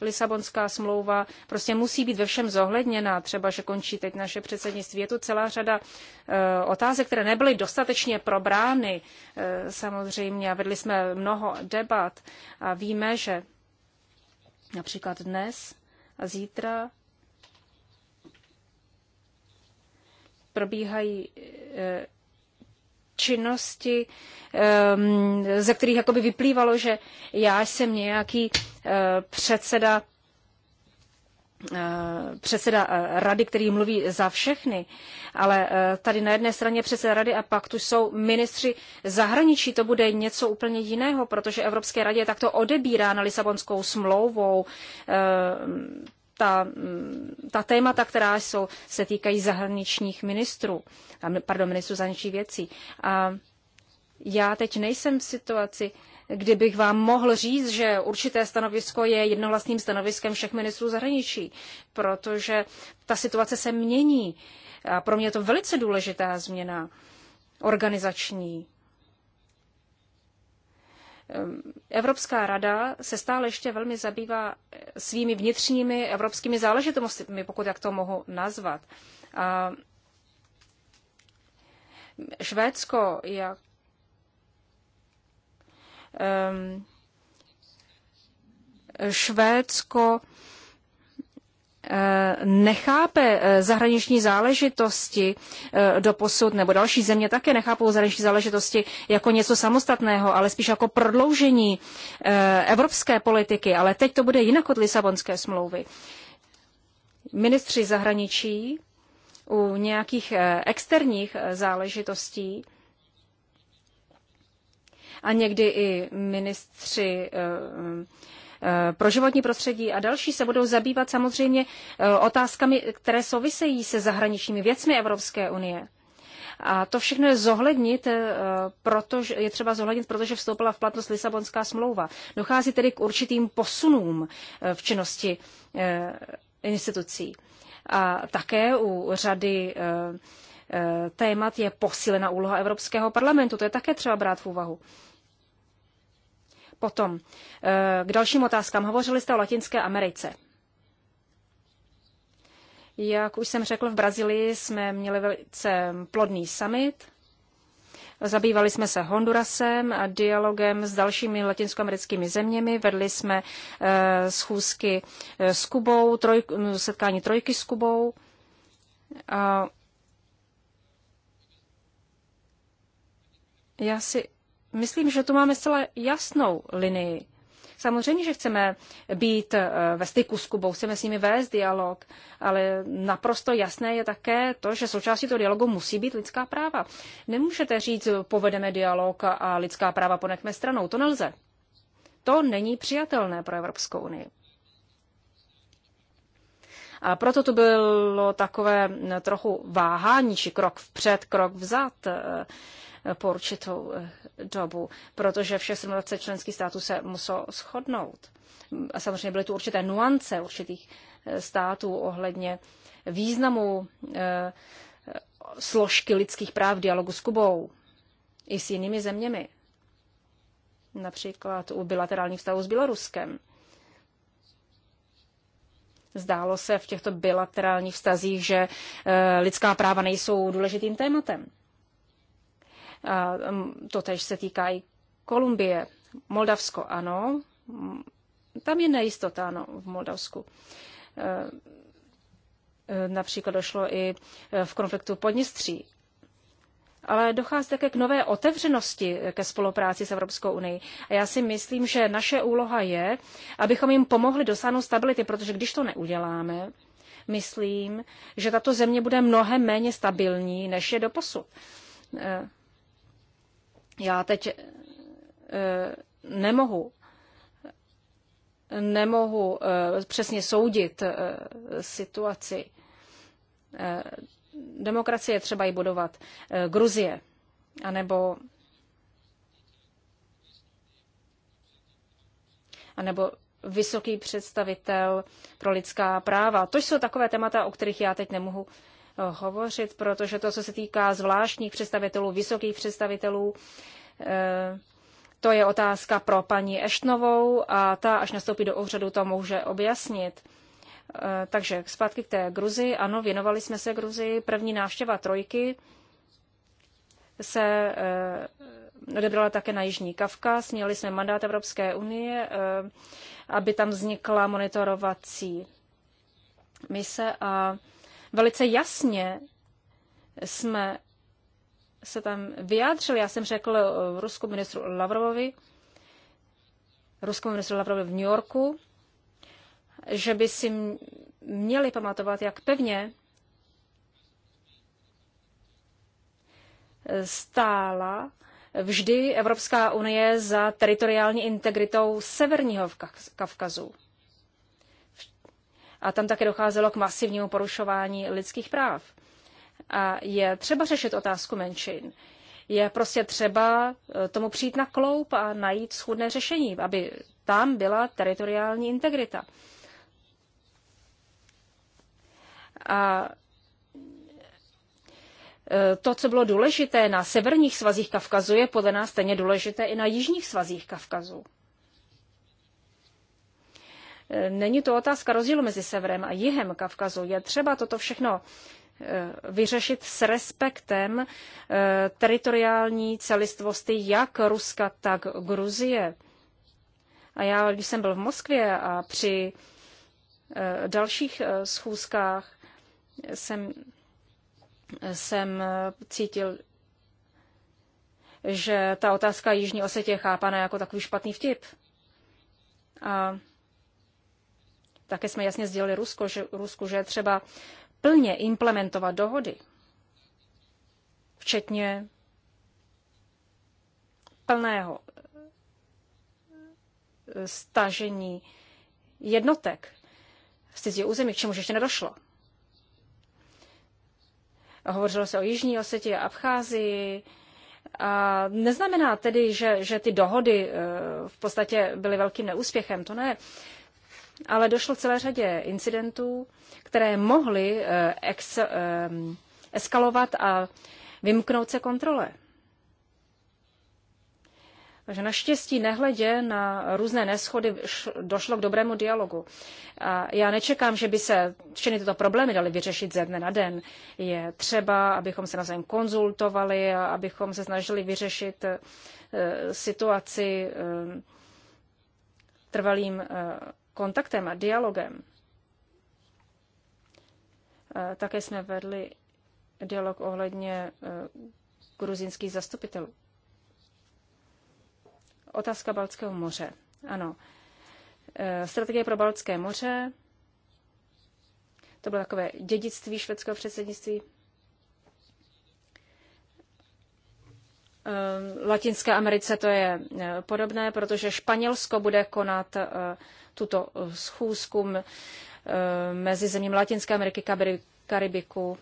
Speaker 1: Lisabonská smlouva prostě musí být ve všem zohledněna. Třeba, že končí teď naše předsednictví. Je tu celá řada e, otázek, které nebyly dostatečně probrány samozřejmě a vedli jsme mnoho debat a víme, že například dnes a zítra probíhají eh, činnosti, ehm, ze kterých jakoby vyplývalo, že já jsem nějaký eh, předseda eh, předseda rady, který mluví za všechny, ale tady na jedné straně předseda rady a pak tu jsou ministři zahraničí, to bude něco úplně jiného, protože Evropské radě je takto odebírána Lisabonskou smlouvou ehm, ta, mm, ta témata, která jsou, se týkají zahraničních ministrů, pardon, ministrů zahraničních věcí. A já teď nejsem v situaci, kdybych vám mohl říct, že určité stanovisko je jednohlasným stanoviskem všech ministrů zahraničí, protože ta situace se mění. A pro mě je to velice důležitá změna organizační, Evropská rada se stále ještě velmi zabývá eh, svými vnitřními evropskými záležitostmi, pokud jak to mohu nazvat. A Švédsko je um, Švédsko Eh, nechápe eh, zahraniční záležitosti eh, do posud, nebo další země také nechápou zahraniční záležitosti jako něco samostatného, ale spíš jako prodloužení evropské politiky. Ale teď to bude jinak od Lisabonské smlouvy. Ministři zahraničí u nějakých externích záležitostí a někdy i ministři Eh, pro životní prostředí a další se budou zabývat samozřejmě eh, otázkami, které souvisejí se zahraničními věcmi Evropské unie. A to všechno je zohlednit, eh, protože, je třeba zohlednit, protože vstoupila v platnost Lisabonská smlouva. Dochází tedy k určitým posunům v činnosti institucí. A také u řady témat je posílena úloha Evropského parlamentu. To je také třeba brát v úvahu. Potom e, k dalším otázkám. Hovořili jste o Latinské Americe. Jak už jsem řekl, v Brazílii jsme měli velice plodný summit. Zabývali jsme se Hondurasem a dialogem s dalšími latinskoamerickými zeměmi. Vedli jsme e, schůzky e, s Kubou, troj, setkání trojky s Kubou. já si myslím, že tu máme zcela jasnou linii. Samozřejmě, že chceme být eh, ve styku s Kubou, chceme s nimi vést dialog, ale naprosto jasné je také to, že součástí toho dialogu musí být lidská práva. Nemůžete říct, povedeme dialog a lidská práva ponechme stranou. To nelze. To není přijatelné pro Evropskou unii. A proto to bylo takové eh, trochu váhání, či krok vpřed, krok vzad eh, po určitou eh, dobu, protože všech 27 členských států se muselo shodnout. A samozřejmě byly tu určité nuance určitých eh, států ohledně významu eh, složky lidských práv v dialogu s Kubou i s jinými zeměmi. Například u bilaterálních vztahů s Běloruskem. Zdálo se v těchto bilaterálních vztazích, že lidská práva nejsou důležitým tématem. Mm, to tež se týká i Kolumbie. Moldavsko ano, mm, tam je nejistota ano, v Moldavsku. E, e, například došlo i e, v konfliktu Podnistří. Ale dochází také k nové otevřenosti ke spolupráci s Evropskou unii. A já si myslím, že naše úloha je, abychom jim pomohli dosáhnout stability, protože když to neuděláme, myslím, že tato země bude mnohem méně stabilní, než je doposud. posud já teď eh, nemohu nemohu eh, přesně soudit eh, situaci. Demokracie třeba i budovat. Gruzie, anebo anebo vysoký představitel pro lidská práva. To jsou takové témata, o kterých já teď nemohu hovořit, protože to, co se týká zvláštních představitelů, vysokých představitelů, eh, to je otázka pro paní Eštnovou a ta, až nastoupí do úřadu, to může objasnit. Eh, takže zpátky k té Gruzi. Ano, věnovali jsme se Gruzi. První návštěva trojky se eh, odebrala také na Jižní Kavkaz. Měli jsme mandát Evropské unie, aby tam vznikla monitorovací mise a Velice jasně jsme se tam vyjádřili. Já jsem řekl eh, ruskou ministru Lavrovovi, ruskou ministru Lavrovovi v New Yorku, že by si měli pamatovat, jak pevně stála vždy Evropská unie za teritoriální integritou Severního Kavkazu a tam také docházelo k masivnímu porušování lidských práv. A je třeba řešit otázku menšin. Je prostě třeba eh, tomu přijít na kloup a najít schudné řešení, aby tam byla teritoriální integrita. A eh, to, co bylo důležité na severních svazích Kavkazu, je podle nás stejně důležité i na jižních svazích Kavkazu. Není to otázka rozdílu mezi severem a jihem Kavkazu. Je třeba toto všechno e, vyřešit s respektem e, teritoriální celistvosti jak Ruska, tak Gruzie. A já, když jsem byl v Moskvě a při e, dalších schůzkách jsem, jsem cítil, že ta otázka Jižní Osetě je chápaná jako takový špatný vtip. A také jsme jasně sdělili Rusko, že, Rusku, že třeba plně implementovat dohody, včetně plného eh, stažení jednotek z cizího území, k čemu ještě nedošlo. Hovořilo se o Jižní Osetě a Abcházii. A neznamená tedy, že, že ty dohody eh, v podstatě byly velkým neúspěchem, to ne ale došlo k celé řadě incidentů, které mohly eh, ex, eh, eskalovat a vymknout se kontrole. Takže naštěstí nehledě na různé neschody došlo k dobrému dialogu. A já nečekám, že by se všechny tyto problémy daly vyřešit ze dne na den. Je třeba, abychom se navzájem konzultovali, abychom se snažili vyřešit eh, situaci trvalým kontaktem a dialogem. Eh, také jsme vedli dialog ohledně eh, gruzinských zastupitelů. Otázka Baltského moře. Ano. Eh, strategie pro Baltské moře. To bylo takové dědictví švédského předsednictví. Eh, Latinské Americe to je eh, podobné, protože Španělsko bude konat eh, tuto schůzku mezi zeměmi Latinské Ameriky, a Karibiku.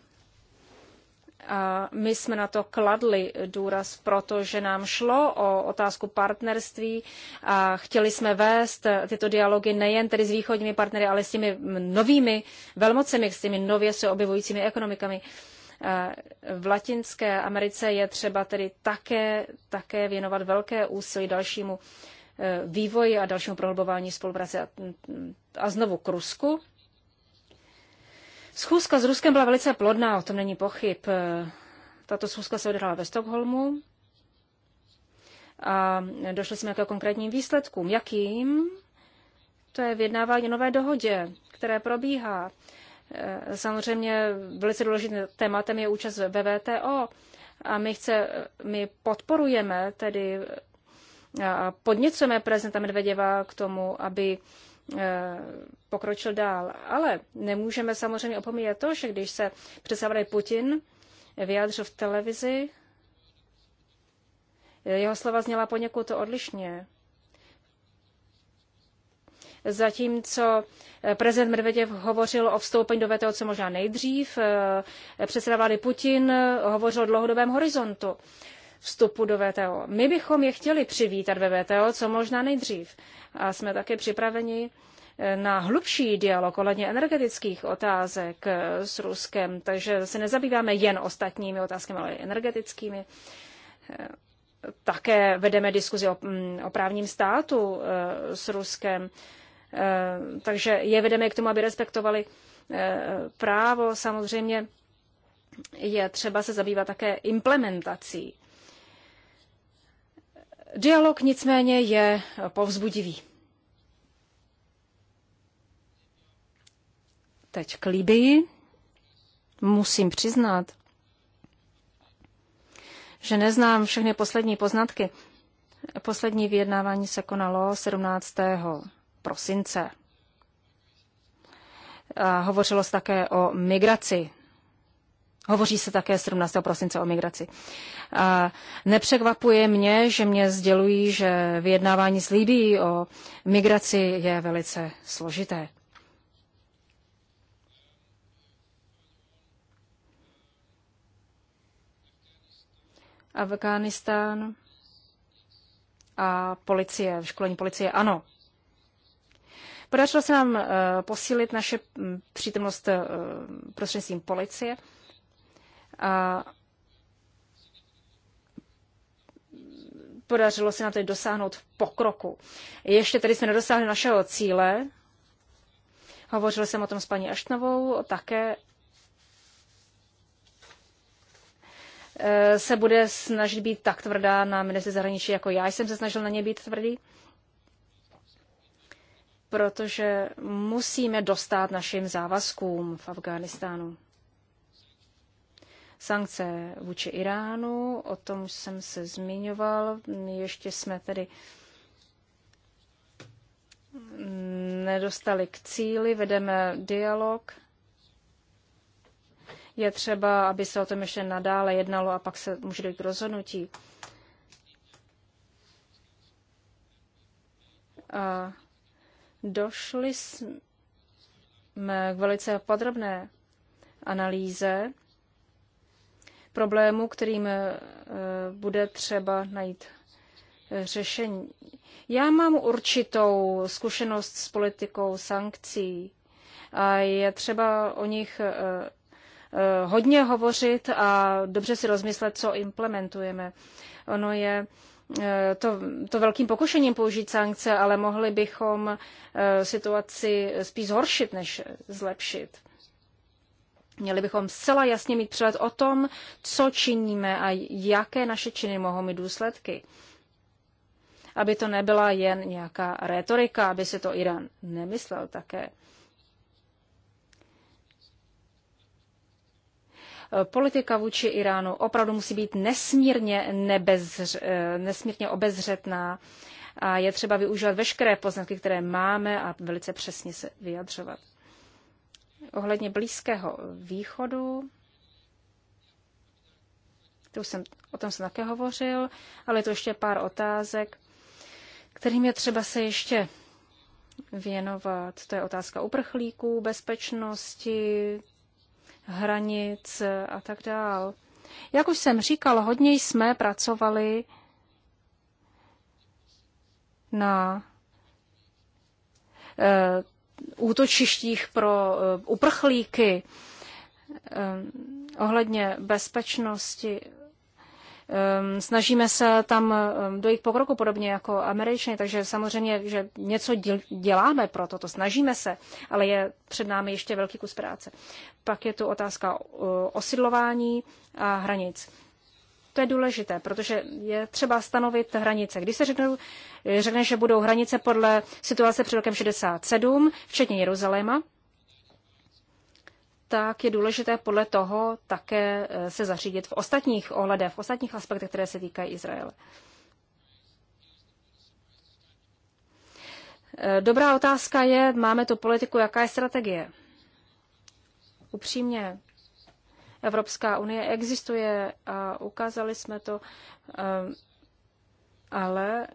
Speaker 1: A my jsme na to kladli důraz, protože nám šlo o otázku partnerství a chtěli jsme vést tyto dialogy nejen tedy s východními partnery, ale s těmi novými velmocemi, s těmi nově se objevujícími ekonomikami. Uh, v Latinské Americe je třeba tedy také, také věnovat velké úsilí dalšímu eh, vývoji a dalšímu prohlubování spolupráce. A znovu k Rusku. Schůzka s Ruskem byla velice plodná, o tom není pochyb. Eh, tato schůzka se odehrála ve Stockholmu a došli jsme ke konkrétním výsledkům. Jakým? To je vyjednávání nové dohodě, které probíhá. Eh, samozřejmě velice důležitým tématem je účast ve VTO a my, chce, my podporujeme tedy eh, a podněcujeme prezidenta Medvedeva k tomu, aby eh, pokročil dál. Ale nemůžeme samozřejmě opomíjet to, že když se představuje Putin vyjádřil v televizi, jeho slova zněla poněkud odlišně zatímco eh, prezident Medveděv hovořil o vstoupení do VTO co možná nejdřív, eh, předseda vlády Putin eh, hovořil o dlouhodobém horizontu vstupu do VTO. My bychom je chtěli přivítat ve VTO co možná nejdřív. A jsme také připraveni na hlubší dialog ohledně energetických otázek s Ruskem, takže se nezabýváme jen ostatními otázkami, ale i energetickými. Také vedeme diskuzi o, mm, o právním státu s Ruskem. Eh, takže je vedeme k tomu, aby respektovali eh, právo. Samozřejmě je třeba se zabývat také implementací. Dialog nicméně je povzbudivý. Teď k Libii. Musím přiznat, že neznám všechny poslední poznatky. Poslední vyjednávání se konalo 17 prosince. A hovořilo se také o migraci. Hovoří se také 17. prosince o migraci. A nepřekvapuje mě, že mě sdělují, že vyjednávání s Líbí o migraci je velice složité. Afganistán a policie, školení policie, ano. Podařilo se nám eh, posílit naše mm, přítomnost eh, prostřednictvím policie. A podařilo se nám tedy dosáhnout pokroku. Ještě tady jsme nedosáhli našeho cíle. Hovořil jsem o tom s paní Aštnovou, také eh, se bude snažit být tak tvrdá na ministře zahraničí, jako já jsem se snažil na ně být tvrdý protože musíme dostat našim závazkům v Afghánistánu. Sankce vůči Iránu, o tom jsem se zmiňoval, ještě jsme tedy nedostali k cíli, vedeme dialog. Je třeba, aby se o tom ještě nadále jednalo a pak se může dojít k rozhodnutí. A Došli jsme k velice podrobné analýze problému, kterým eh, bude třeba najít eh, řešení. Já mám určitou zkušenost s politikou sankcí a je třeba o nich eh, hodně hovořit a dobře si rozmyslet, co implementujeme. Ono je Eh, to, to velkým pokušením použít sankce, ale mohli bychom eh, situaci spíš zhoršit, než zlepšit. Měli bychom zcela jasně mít přehled o tom, co činíme a jaké naše činy mohou mít důsledky. Aby to nebyla jen nějaká retorika, aby se to Irán nemyslel také. Eh, politika vůči Iránu opravdu musí být nesmírně, nebezř, eh, nesmírně obezřetná a je třeba využívat veškeré poznatky, které máme a velice přesně se vyjadřovat. Ohledně Blízkého východu, to jsem, o tom jsem také hovořil, ale je to ještě pár otázek, kterým je třeba se ještě věnovat. To je otázka uprchlíků, bezpečnosti, hranic a tak dál. Jak už jsem říkal, hodně jsme pracovali na uh, útočištích pro uh, uprchlíky uh, ohledně bezpečnosti Ehm, snažíme se tam ehm, dojít pokroku podobně jako američané, takže samozřejmě, že něco děláme pro toto, snažíme se, ale je před námi ještě velký kus práce. Pak je tu otázka osidlování a hranic. To je důležité, protože je třeba stanovit hranice. Když se řekne, řekne že budou hranice podle situace před rokem 67, včetně Jeruzaléma, tak je důležité podle toho také eh, se zařídit v ostatních ohledech, v ostatních aspektech, které se týkají Izraele. Eh, dobrá otázka je, máme tu politiku, jaká je strategie? Upřímně, Evropská unie existuje a ukázali jsme to, eh, ale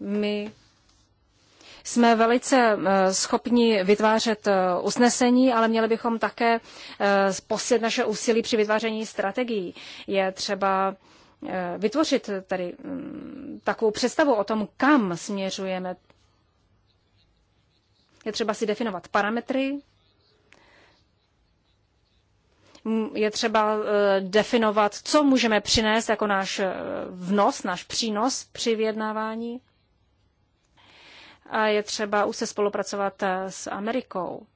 Speaker 1: my jsme velice eh, schopni vytvářet eh, usnesení, ale měli bychom také eh, posílit naše úsilí při vytváření strategií. Je třeba vytvořit tady mm, takovou představu o tom, kam směřujeme. Je třeba si definovat parametry, je třeba definovat, co můžeme přinést jako náš vnos, náš přínos při vyjednávání a je třeba už se spolupracovat eh, s Amerikou.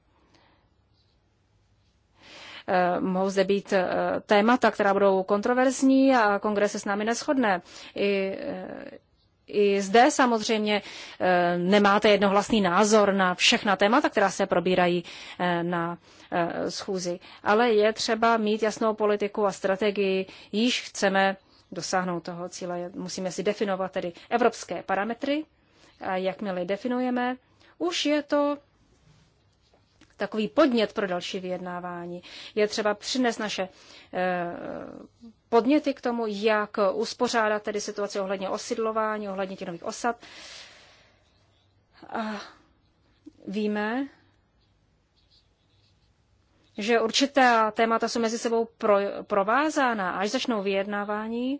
Speaker 1: Eh, mohou zde být eh, témata, která budou kontroverzní a kongres se s námi neschodne. I, i zde samozřejmě nemáte jednohlasný názor na všechna témata, která se probírají na schůzi. Ale je třeba mít jasnou politiku a strategii, již chceme dosáhnout toho cíle. Musíme si definovat tedy evropské parametry a jakmile definujeme, už je to takový podnět pro další vyjednávání. Je třeba přines naše eh, podněty k tomu, jak uspořádat tedy situaci ohledně osidlování, ohledně těch nových osad. A víme, že určitá témata jsou mezi sebou pro, provázána. Až začnou vyjednávání,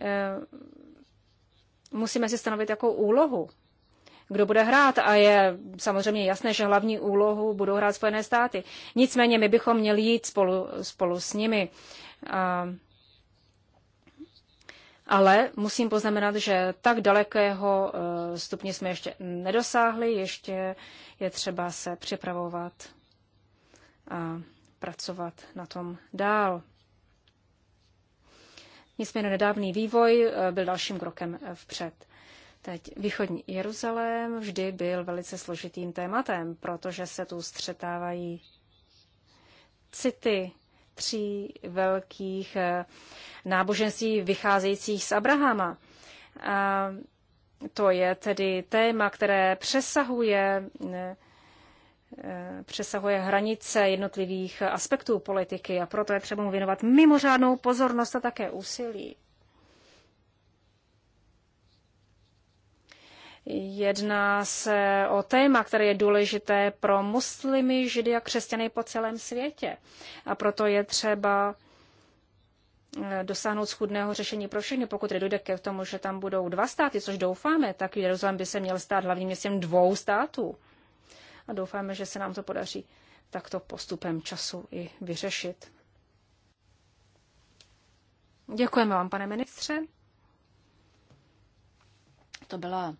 Speaker 1: eh, musíme si stanovit jakou úlohu. Kdo bude hrát a je samozřejmě jasné, že hlavní úlohu budou hrát Spojené státy. Nicméně my bychom měli jít spolu, spolu s nimi. A, ale musím poznamenat, že tak dalekého eh, stupně jsme ještě nedosáhli, ještě je třeba se připravovat a pracovat na tom dál. Nicméně nedávný vývoj eh, byl dalším krokem eh, vpřed. Teď východní Jeruzalém vždy byl velice složitým tématem, protože se tu střetávají city tří velkých eh, náboženství vycházejících z Abrahama. A to je tedy téma, které přesahuje přesahuje hranice jednotlivých aspektů politiky a proto je třeba mu věnovat mimořádnou pozornost a také úsilí. Jedná se o téma, které je důležité pro muslimy, židy a křesťany po celém světě. A proto je třeba eh, dosáhnout schudného řešení pro všechny. Pokud dojde k tomu, že tam budou dva státy, což doufáme, tak Jeruzalém by se měl stát hlavním městem dvou států a doufáme, že se nám to podaří takto postupem času i vyřešit. Děkujeme vám, pane ministře. To byla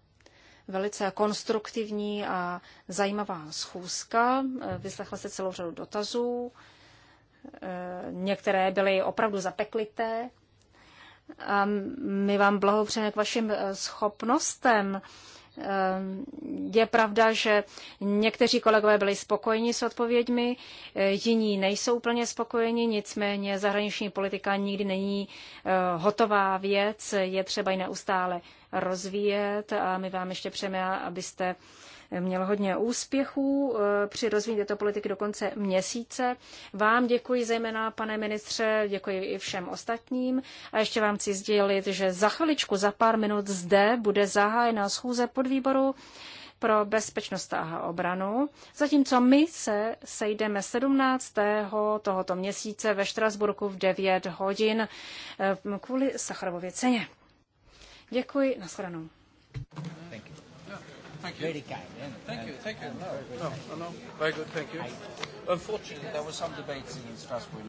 Speaker 1: velice konstruktivní a zajímavá schůzka. Vyslechla se celou řadu dotazů. Některé byly opravdu zapeklité. A my vám blahopřejeme k vašim schopnostem je pravda, že někteří kolegové byli spokojeni s odpověďmi, jiní nejsou úplně spokojeni, nicméně zahraniční politika nikdy není eh, hotová věc, je třeba ji neustále rozvíjet a my vám ještě přejeme, abyste měl hodně úspěchů eh, při rozvíjení této politiky do konce měsíce. Vám děkuji zejména, pane ministře, děkuji i všem ostatním a ještě vám chci sdělit, že za chviličku, za pár minut zde bude zahájena schůze podvýboru pro bezpečnost a obranu, zatímco my se sejdeme 17. tohoto měsíce ve Štrasburku v 9 hodin eh, kvůli Sacharovově ceně. Děkuji, nashledanou.
Speaker 3: Thank Thank you. Very kind.
Speaker 2: Yeah? Thank you, thank you. No, no, no, no. Very good, thank you. Unfortunately, there were some debates in Strasbourg.